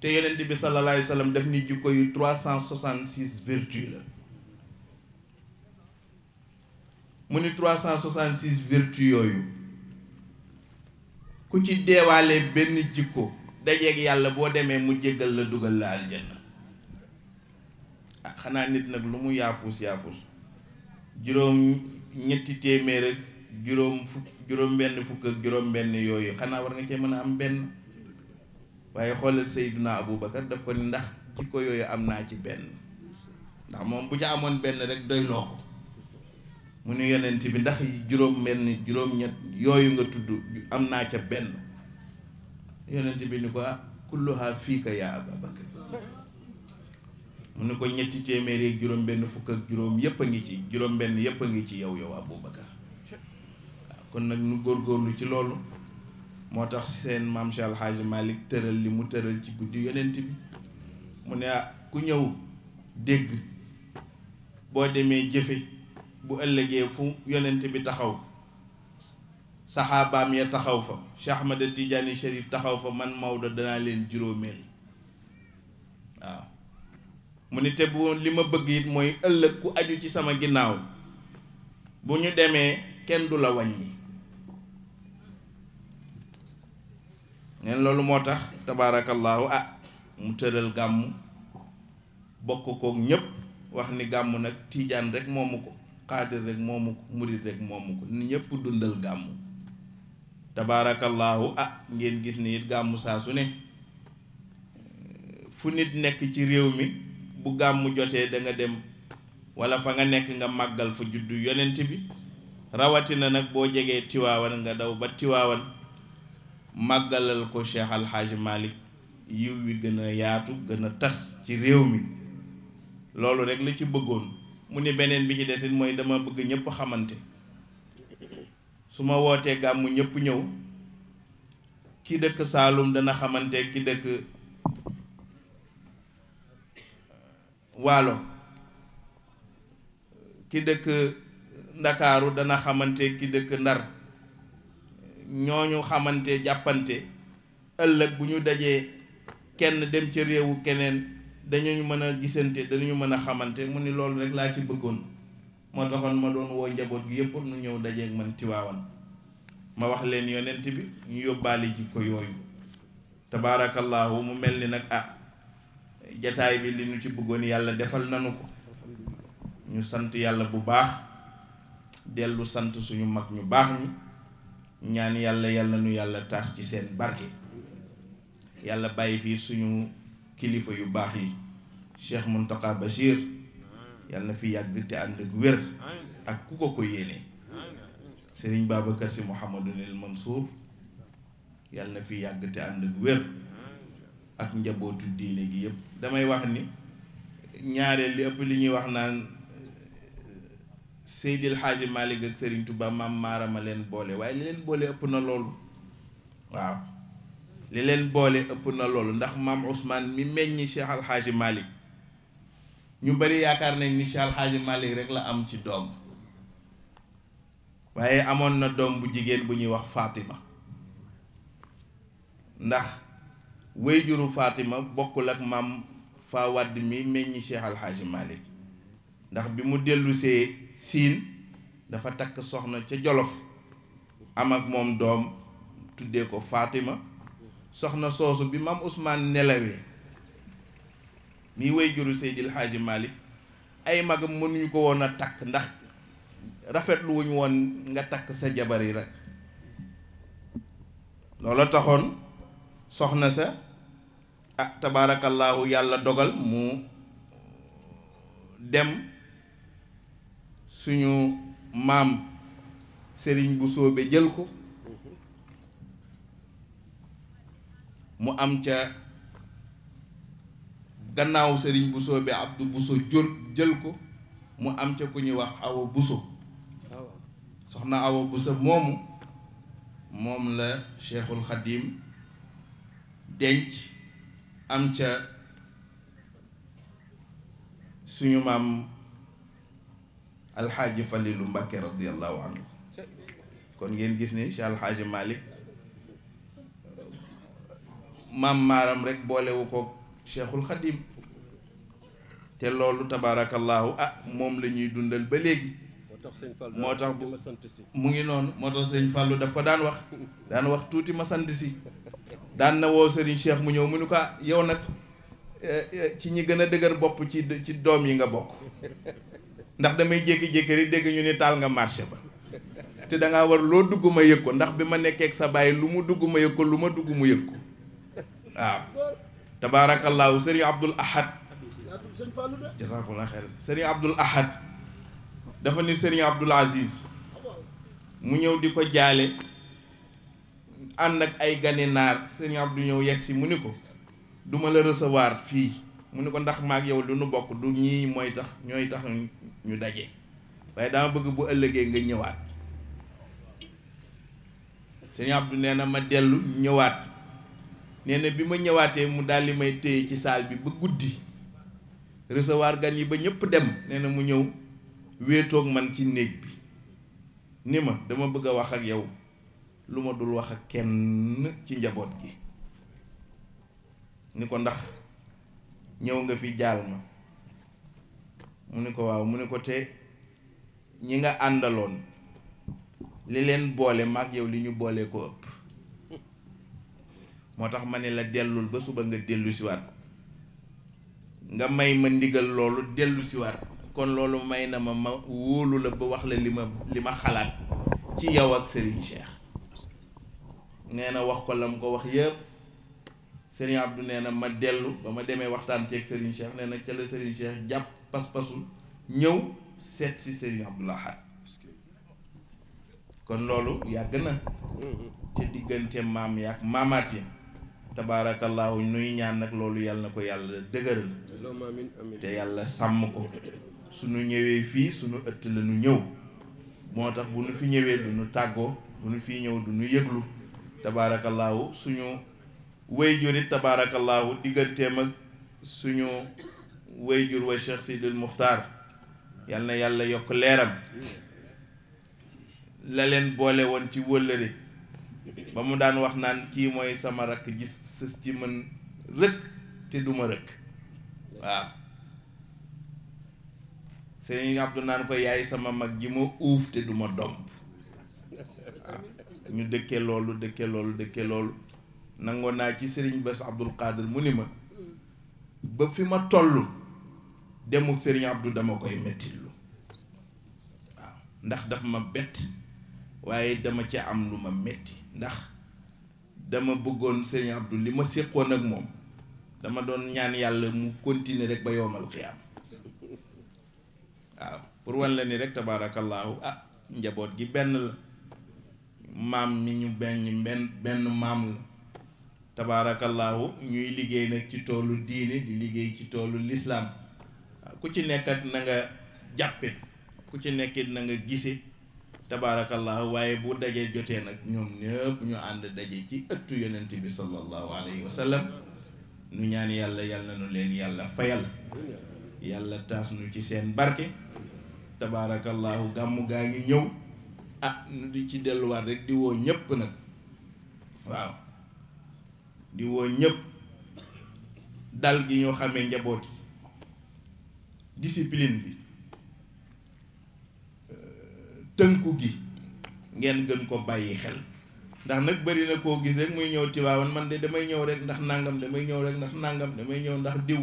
te yonent bi sallallahu alayhi wa sallam daf ni jikko yu trois cent soixante six vertu la mu ne trois cent soixante six vertu yooyu ku ci deewaale benn jikko dajeek yàlla boo demee mu jéggal la dugal la aljanna ah xanaa nit nag lu mu yaafus yaafus juróom ñetti téeméer ak juróom fukk juróom benn fukk ak juróom benn yooyu xanaa war nga cee mën a am benn waaye xoolal Seydina Aboubacar daf ko ni ndax ci ko yooyu am naa ci benn ndax moom bu ca amoon benn rek doy ko mu ne yonent bi ndax juróom benn juróom ñett yooyu nga tudd am naa ca benn yonent bi ni ko ah kulluha fiika yaa Aba mu ni ko ñetti téeméer yeeg juróom benn fukk ak juróom yépp a ngi ci juróom benn yépp a ngi ci yow yow Abu Bakar waaw kon nag ñu góorgóorlu ci loolu moo tax seen maam Cheikh Al Hadj tëral li mu tëral ci guddi yonent bi mu ne ah, ku ñëw dégg boo demee jëfe bu ëllëgee fu yonent bi taxaw saxaabaam ya taxaw fa Cheikh Ahmada Tidiane Chérif taxaw fa man Maodo danaa leen juróomeel waaw mu ne te bu li ma bëgg it mooy ëllëg ku aju ci sama ginnaaw bu ñu demee kenn du la wàññi neen loolu moo tax tabaarakallaahu ah mu tëral gàmm bokk kook ñépp wax ni gàmm nag tiijaan rek moomu ko xaadir rek moomu ko murit rek moomu ko ni ñépp dundal gàmm tabaarakallaahu ah ngeen gis ni it gàmmu saa su ne fu nit nekk ci réew mi bu gàmmu jotee danga dem wala fa nga nekk nga màggal fa juddu yenent bi rawatina nag boo jegee tiwaawan nga daw ba tiwaawan màggalal ko Cheikh Al Hadj yiw wi gën a yaatu gën a tas ci réew mi loolu rek la ci bëggoon mu ni beneen bi ci desit mooy dama bëgg ñëpp xamante su ma wootee gàmmu ñëpp ñëw ki dëkk Saalum dana xamante ki dëkk euh, Waalo ki dëkk Ndakaaru dana xamante ki dëkk Ndar ñooñu xamante jàppante ëllëg bu ñu dajee kenn dem ca réewu keneen dañu mën a gisante dañu mën a xamante mu ni loolu rek laa ci bëggoon moo mhm. taxoon ma doon woo njaboot gi yëpp nu ñëw dajeeg man Tiwaawan ma wax leen yonent bi ñu yóbbaale jikko yooyu tabaarakallaahu mu mel ni nag ah jataay bi li ñu ci bëggoon yàlla defal nanu ko ñu sant yàlla bu baax dellu sant suñu mag ñu baax ñi ñaan yàlla yàlla nu yàlla taas ci seen barke yàlla bàyyi fii suñu kilifa yu baax yi Cheikh Mountakha Bachir yàlla na fi yàgg te ànd ak wér ak ku ko ko yéene sëriñ Babacar si Mouhamadunil Mansour yàlla na fi yàgg te ànd ak wér ak njabootu diine gi yépp damay wax ni ñaareel li ëpp li ñuy wax naan Seydil Hadji Malick ak Serigne Touba maam maarama leen boole waaye li leen boole ëpp na loolu waaw li leen boole ëpp na loolu ndax maam Ousmane mi meññi Cheikh Al Hadji ñu bari yaakaar nañ ni Cheikh Al Hadji Malick rek la am ci doom waaye amoon na doom bu jigéen bu ñuy wax faatima ndax wéyjuru faatima bokkul ak maam Fawad mi meññi Cheikh Al Hadji ndax bi mu dellusee siin dafa takk soxna ca Jolof am ak moom doom tuddee ko faatima soxna soosu bi maam usmaan nelawee mii way juru Seydil Hadji Malick ay magam mënuñu ko woon a takk ndax rafetlu wuñ woon nga takk sa jabar yi rek loola taxoon soxna sa ah tabaarakallaahu yàlla dogal mu dem suñu maam sëriñ bu soobe jël ko mhm. mu am ca gannaaw sëriñ Bousso bi Abdou Bousso jël jël ko mu am ca ku ñuy wax Awa Bousso soxna Awa Bousso moomu moom la Cheikhul Khadim denc am ca suñu maam alxaaji Falilu Mbàkke radiallahu anhu kon ngeen gis ni Cheikh alxaaji Malick maam maaram rek boolewu ko cheikhul xadim te loolu tabaarakallaahu ah moom la ñuy dundal ba léegi moo tax bu mu ngi noonu moo tax sëñ Fallou daf ko daan wax daan wax tuuti ma sant si daan na woo sëriñ cheikh mu ñëw mu ne ko ah, yow nag eh, eh, ci ñi gën a dëgër bopp ci ci doom yi nga bokk ndax damay jékki-jékki rek dégg ñu ne taal nga marché ba te da ngaa war loo dugg ma yëg ko ndax bi ma nekkee ak sa bàyyi lu mu dugg ma yëg ko lu ma dugg mu yëg ko waaw tabaarakallaahu sëriñ abdul ahad jasaakallah xeyran sëriñ abdul ahad dafa ni sëriñ abdul aziz mu ñëw di ko jaale ànd ak ay gani naar sëriñ abdu ñëw yegg si mu ni ko duma la recevoir fii mu ni ko ndax maag yow du nu bokk du ñii mooy tax ñooy tax ñu daje waaye dama bëgg bu ëllëgee nga ñëwaat sëriñ abdu nee na ma dellu ñëwaat nee na bi ma ñëwaatee mu daal di may téye ci saal bi ba guddi recevoir gan yi ba ñëpp dem nee na mu ñëw wéetoog man ci néeg bi ni ma dama bëgg a wax ak yow lu ma dul wax ak kenn ci njaboot gi ni ko ndax ñëw nga fi jaal ma mu ni ko waaw mu ni ko te ñi nga àndaloon li leen boole maag yow li ñu boole ko moo tax ma ne la dellul ba suba nga dellu siwaat nga may ma ndigal loolu dellu siwaat kon loolu may na ma ma wóolu la ba wax la li ma li ma xalaat ci yow ak Serigne Cheikh nee na wax ko la mu ko wax yépp Serigne Abdou nee na ma dellu ba ma demee waxtaan ceeg Serigne Cheikh nee na ca la Serigne Cheikh jàpp pas-pasul ñëw seet si Serigne Abdou Lahad kon loolu yàgg na mm-hmm. ca diggante maam yaak maamaat yi tabaarakallaahu nuy ñaan nag loolu yàlla na ko yàlla dëgëral te yàlla sàmm ko suñu ñëwee fii suñu ëtt la nu ñëw moo tax bu nu fi ñëwee du tàggoo bu nu fii ñëw du nu yëglu tabaarakallaahu suñu wayjur it tabaarakallaahu digganteem ak suñu wayjur wa Cheikh Sidil Muxtaar yal yàlla yokk leeram la leen boole woon ci wëllëre ba mu daan wax naan kii mooy sama rakk ji sës ci mën rëkk te duma rëkk waaw sëñ Abdou naan ko yaay sama mag ji ma uuf te duma domb waaw ñu dëkkee loolu dëkkee loolu dëkkee loolu nangoo naa ci sëriñ Bass Abdul Qadir mu ni ma ba fi ma toll demuk sëriñ Abdou dama koy mettilu waaw ndax daf ma bett waaye dama ci am lu ma metti ndax dama bëggoon sëñ Abdou li ma séqoon ak moom dama doon ñaan yàlla mu continuer rek ba yowmal xiyaam waaw pour wan la ni rek tabaarakallaahu ah njaboot gi benn la maam mi ñu benn benn maam la tabaarakallaahu ñuy liggéey nag ci toolu diine di liggéey ci toolu lislaam ku ci nekk na nga jàppe ku ci nekkit na nga gise tabaarakallaahu waaye bu dajee jotee nag ñoom ñëpp ñu ànd daje ci ëttu yonent bi sallallahu alayhi wa sallam nu ñaan yàlla yàlla nu leen yàlla fayal yàlla taas nu ci seen barke tabaarakallaahu gàmmu gaa ngi ñëw ah nu di ci delluwaat rek di woo ñëpp nag waaw di woo ñëpp dal gi ñu xamee njaboot yi discipline bi tënku gi ngeen gën ko bàyyi xel ndax nag bëri na koo gis rek muy ñëw Tiwaawan man de damay ñëw rek ndax nangam damay ñëw rek ndax nangam damay ñëw ndax diw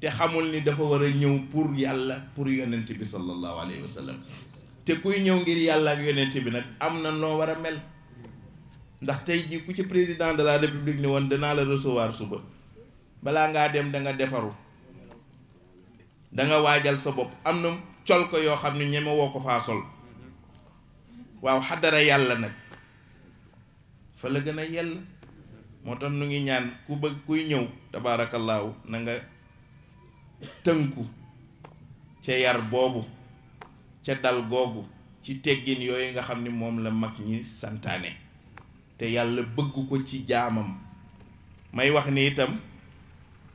te xamul ni dafa war a ñëw pour yàlla pour yonent bi sallallahu alayhi wa sallam te kuy ñëw ngir yàlla ak yonent bi nag am na noo war a mel ndax tey jii ku ci président de la république ni woon danaa la recevoir suba balaa ngaa dem da nga defaru da waajal sa bopp am na col ko yoo xam ne ñeme woo ko faa sol waaw xadara yàlla nag fa la gën a yell moo tax nu ngi ñaan ku bëgg kuy ñëw tabaarakallaahu nanga tënku ca yar boobu ca dal googu ci teggin yooyu nga xam ni moom la mag ñi santaane te yàlla bëgg ko ci jaamam may wax ni itam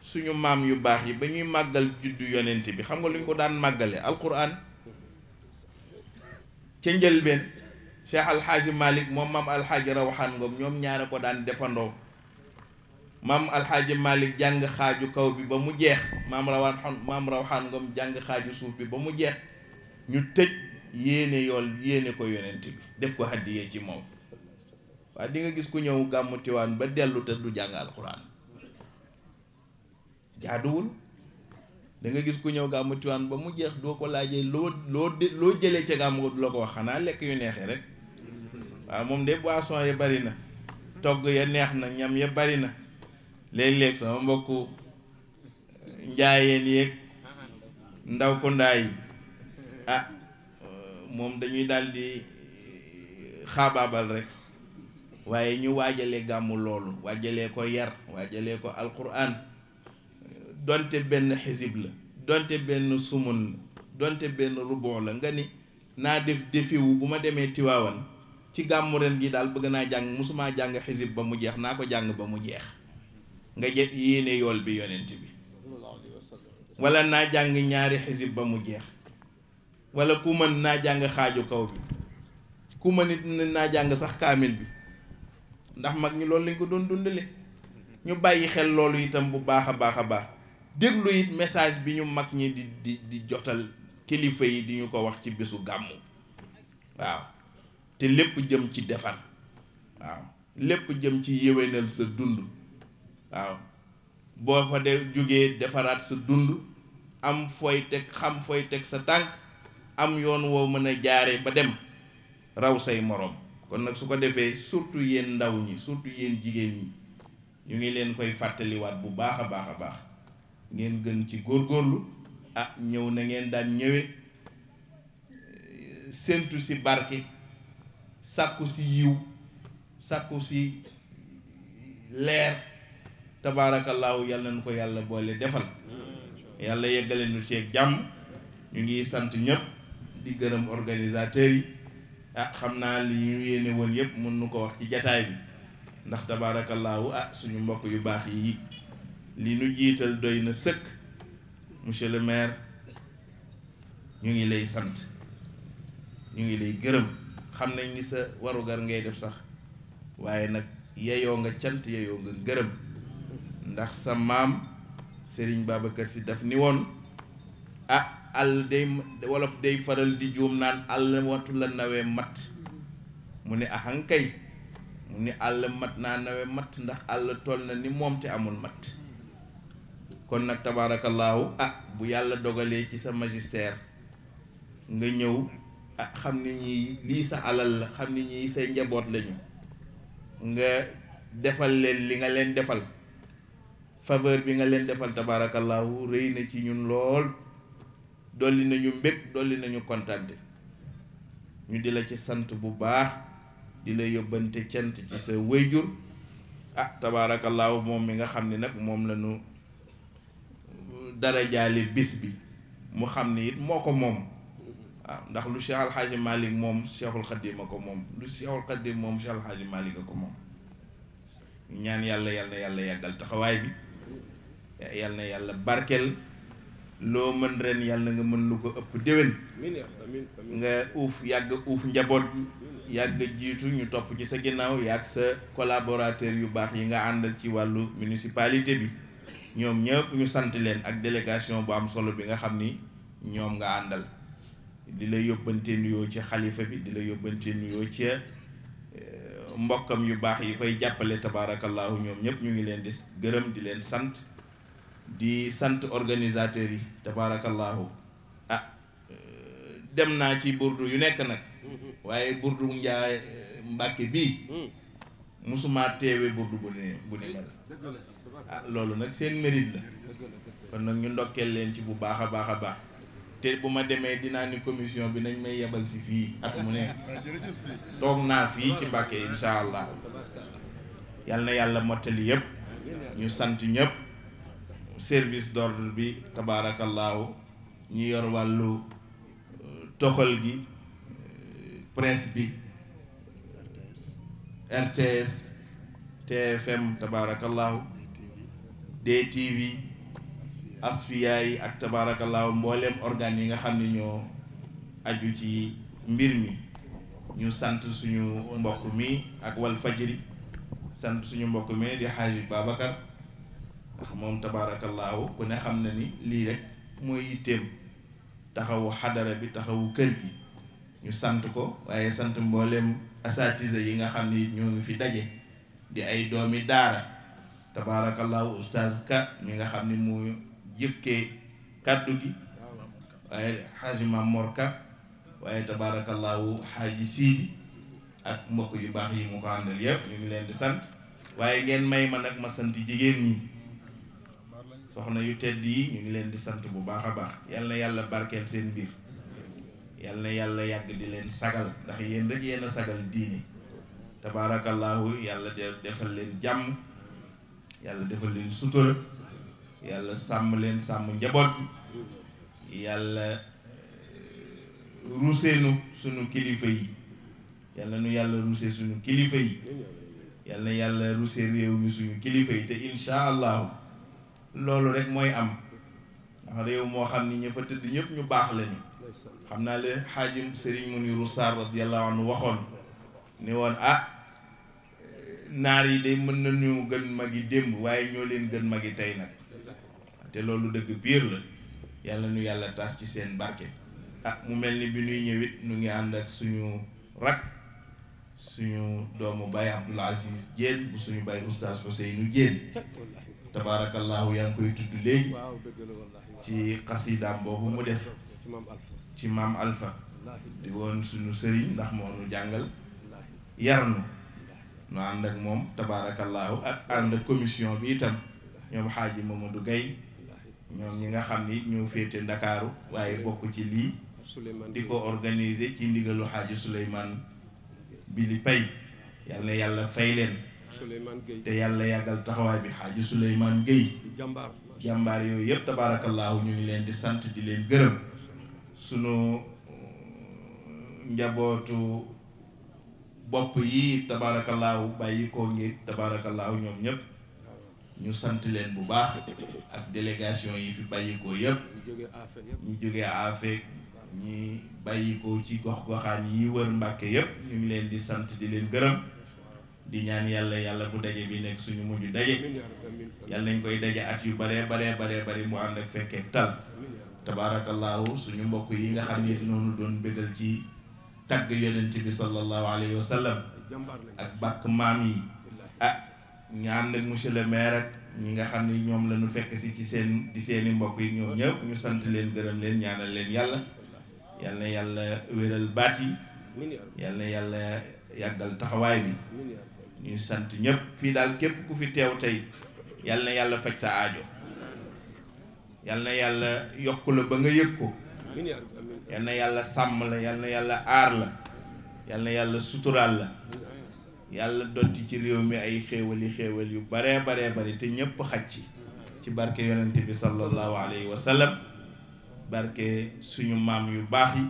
suñu maam yu baax yi ba ñuy màggal juddu yonent bi xam nga lu ñu ko daan màggale alquran ca njëlbeen Cheikh Alxaaji Malick moom maam Alxaaji Rawaxaan Ngom ñoom ñaare ko daan defandoo maam Alxaaji Malick jàng xaaju kaw bi ba mu jeex maam Rawaxaan maam Rawaxaan Ngom jàng xaaju suuf bi ba mu jeex ñu tëj yéene yool yéene ko yonent bi def ko haddiyee ci moom waaye di nga gis ku ñëw gàmmu Tiwaan ba dellu te du jàng alxuraan jaaduwul da gis ku ñëw gàmmu Tiwaan ba mu jeex doo ko laajee loo loo loo jëlee ca gàmmu du la ko wax xanaa lekk yu neexee rek. waaw ah, moom de boisson ya bari na togg ya neex na ñam ya bari na léeg-léeg sama mbokku eh, njaayeen yeeg ndaw ko ndaa yi ah moom dañuy daal di eh, xaabaabal rek waaye ñu waajale gàmmu loolu waajalee ko yar waajalee ko alquran donte benn xisib la donte benn sumun la donte benn rubox la nga ni naa def defiwu bu ma demee Tiwaawan ci gàmmu ren gi daal bëgg naa jàng mosumaa jàng xisib ba mu jeex naa ko jàng ba mu jeex nga jë yéene yool bi yonent bi wala naa jàng ñaari xisib ba mu jeex wala ku naa jàng xaaju kaw bi ku mën it naa jàng sax kaamil bi ndax mag ñi loolu lañ ko doon dundale ñu bàyyi xel loolu itam bu baax a baax a baax déglu it message bi ñu mag ñi di di di jotal kilifa yi di ñu ko wax ci bisu gàmmu waaw te lépp jëm ci defar waaw lépp jëm ci yéwénal sa dund waaw boo fa de jógee defaraat sa dund am fooy teg xam fooy teg sa tànk am yoon woo mën a jaare ba dem raw say moroom kon nag su ko defee surtout yéen ndaw ñi surtout yéen jigéen ñi ñu ngi leen koy fàttaliwaat bu baax a baax a baax ngeen gën ci góor góorgóorlu ah ñëw na ngeen daan ñëwee séentu si barki sàkku si yiw sàkku si leer tabaarakallaahu yàlla na ko yàlla boole defal yàlla yeggale nu ci jàmm ñu ngi sant ñëpp di gërëm organisateur yi ah xam naa li ñu yéene woon yëpp mën nu ko wax ci jataay bi ndax tabaarakallaahu ah suñu mbokk yu baax yi li nu jiital doy na sëkk monsieur le maire ñu ngi lay sant ñu ngi lay gërëm xam nañ ni sa warugar ngay def sax waaye nag yeyoo nga cant yeyoo nga gërëm ndax sa maam Serigne Babacar Sy daf ni woon ah àll day wolof day faral di juum naan àll watu la nawee mat mu ne ahankay mu ne àll mat naa nawe mat ndax àll toll na ni moom te amul mat kon nag tabaarakallaahu ah bu yàlla dogalee ci sa magistère nga ñëw ah xam ni ñii lii sa alal la xam ni ñii say njaboot lañu nga defal leen li nga leen defal faveur bi nga leen defal tabaarakallaahu rëy na ci ñun lool dolli nañu mbég dolli nañu kontante ñu di la ci sant bu baax di la yóbbante cant ci sa wéyjur ah tabaarakallaahu moom mi nga xam ni nag moom la ñu darajaale bis bi mu xam ni it moo ko moom waaw ndax lu Cheikh Alxaaji Malick moom Cheikhul Xadim a ko moom lu Cheikhul Xadim moom Cheikh Alxaaji Malick a ko moom ñaan yàlla yàlla na yàlla yàggal taxawaay bi yàlla na yàlla barkel loo mën ren yàlla nga mën lu ko ëpp déwén nga uuf yàgg uuf njaboot bi yàgg jiitu ñu topp ci sa ginnaaw yàgg sa collaborateur yu baax yi nga àndal ci wàllu municipalité bi ñoom ñëpp ñu santi leen ak délégation bu am solo bi nga xam ni ñoom nga àndal di la yóbbante nuyoo ci xalifa bi di la yóbbante nuyoo ci eh, mbokkam yu baax yi koy jàppale tabaarakallaahu ñoom ñëpp ñu ngi leen di gërëm di leen sant di sant organisateur yi tabaarakallaahu ah eh, dem naa ci burdu yu nekk nag mm-hmm. waaye burdu njaay eh, mbàkke bii mm. musuma teewe burdu bu ne bu ne mel ah loolu nag seen mérite la kon nag ñu ndokkeel leen ci bu baax a baax a baax te bu ma demee dinaa ni commission bi nañ may yebal si fii at mu ne toog naa fii ci Mbàkke incha allah yal na yàlla mottali yëpp ñu sant ñëpp service d'ordre bi tabaarakallaahu ñu yor wàllu euh, toxal gi euh, presse bi RTS TFM tabaarakallaahu DTV asfiya yi ak tabaarakallaahu mbooleem organes yi nga xam ne ñoo aju ci mbir mi ñu sant suñu mbokk mi ak wal fajri sant suñu mbokk mi di xaalis Babacar ndax moom tabaarakallaahu ku ne xam na ni lii rek mooy yitteem taxawu xadara bi taxawu kër gi ñu sant ko waaye sant mbooleem asatise yi nga xam ni ñoo ngi fi daje di ay doomi daara tabaarakallaahu ustaz ka mi nga xam ni mu jëkkee kàddu gi waaye xaaji morka waaye tabaarakallaahu xaaji siidi ak mbokk yu baax yi mu ko àndal yëpp ñu ngi leen di sant waaye ngeen may ma nag ma sant jigéen ñi soxna yu tedd yi ñu ngi leen di sant bu baax a baax yal na yàlla barkeel seen mbir yal na yàlla yàgg di leen sagal ndax yéen rek yéen a sagal diine tabaarakallaahu yàlla defal leen jàmm yàlla defal leen sutura yàlla sàmm leen sàmm njaboot yàlla euh, ruuseenu sunu kilifa yi yàlla nu yàlla ruuse sunu kilifa yi yàlla yàlla ruuse réew mi suñu kilifa yi te incha allahu loolu rek mooy am ndax réew moo xam ni ña fa tëdd ñëpp ñu baax lañu xam naa leen xaajim sëriñ Muniru Sarr radiyallahu anhu waxoon ne woon ah euh, naar yi de mën na ñu gën mag magi démb waaye ñoo leen gën yi tey nag te loolu dëgg biir la yàlla nu yàlla tas ci seen barke ah mu mel ni bi nuy ñëwit nu ngi ànd ak suñu rak suñu doomu baay Abdoul Aziz Diène bu suñu baay oustaz Ousseynou Diène tabaarakallaahu yaa ngi koy tudd léegi ci xasidaam boobu mu def ci maam alfa di woon suñu sëriñ ndax moo nu jàngal yar nu nu ànd ak moom tabaarakallaahu ak ànd ak commission bi itam ñoom xaaji du gay ñoom ñi nga xam ni ñoo féete ndakaaru waaye bokk ci lii di ko organiser ci ndigalu xaaju bi Bili Pay yàlla na yàlla fay leen te yàlla yàggal taxawaay bi xaaju Souleymane Guèye jàmbaar yooyu yëpp tabaarakallaahu ñu ngi leen di sant di leen gërëm suñu uh, njabootu bopp yi tabaarakallaahu bàyyi ko ngir tabaarakallaahu ñoom ñëpp ñu sant leen bu baax ak délégation yi fi bàyyikoo yëpp ñu jógee AFEC ñi bàyyikoo ci gox-goxaan yi wër Mbàkke yëpp ñu ngi leen di sant di leen gërëm di ñaan yàlla yàlla bu daje bi nekk suñu mujj daje yàlla nañ koy daje at yu bare baree baree bari mu ànd ak fekkee tal tabaarakallaahu suñu mbokk yi nga xam ne noonu doon bégal ci tagg yonent bi sallallahu alayhi wa sallam ak bàkk maam yi ah ñu ànd ak monsieur le maire ñi nga xam ni ñoom la ñu fekk si ci seen di seeni i mbokk yi ñoom ñëpp ñu sant leen gërëm leen ñaanal leen yàlla yal yàlla wéral baat yi yal yàlla yàggal taxawaay bi ñuy sant ñépp fii daal képp ku fi teew tey yàlla yàlla faj sa aajo yal na yàlla yokk la ba nga yëg ko yal yàlla sàmm la yàlla aar la yal yàlla suturaal la yàlla dotti ci réew mi ay xéewali xéewal yu baree baree bari te ñépp xaj ci ci barke yonent bi sallallahu alayhi wa sallam barke suñu maam yu baax yi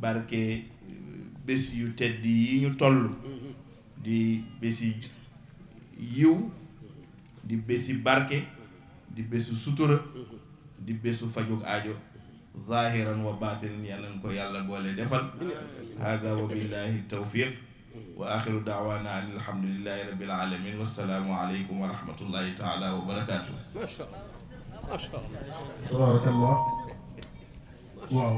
barke bés yu tedd yi ñu toll di bési yiw di bési barke di bésu sutura di bésu fajug aajo zahiran wa baatinan yàlla na ko yàlla boole defal hada wa billahi tawfiq wa axiru daawaana an alhamdulilahi rabil alamin wasalaamu aleykum wa rahmatullahi taala wa barakaatu. macha allah macha allah. waaw.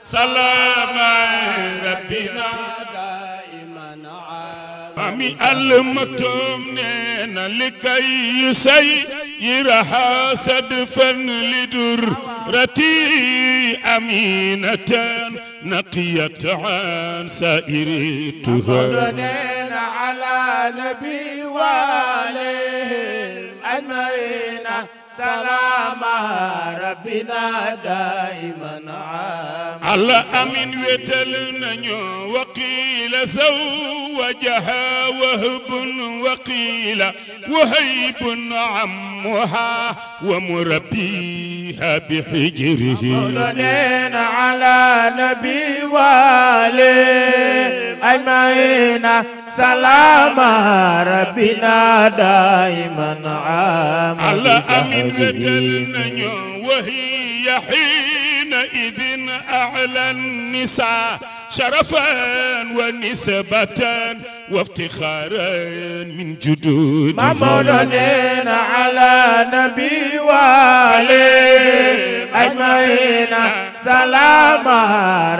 salaam. mami àll ma toog nee na li kay say. يرها سدفا لدرتي أمينة نقيت عن سائر التهم على نبي والي سلام ربنا دائما عاما الله امين ويتل نانيو وقيل زوجها وهب وقيل وهيب عمها ومربيها بحجره مولدين على نبي والي اجمعين سلام ربنا دائما عام على أمين وتلنا وهي حينئذ أعلى النساء شرفا ونسبة وافتخارا من جدود ممرنا على نبي وعلي أجمعين سلام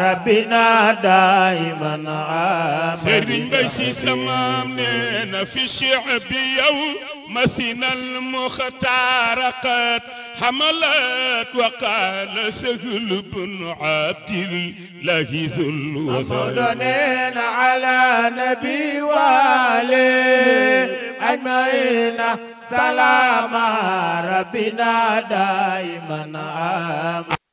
ربنا دائما عاما سرين بيسي سمام لنا في شعب يوم مثل المختار قد حملت وقال سهل بن عبد الله ذو الوفاء على نبي والي أجمعين سلام ربنا دائما عاما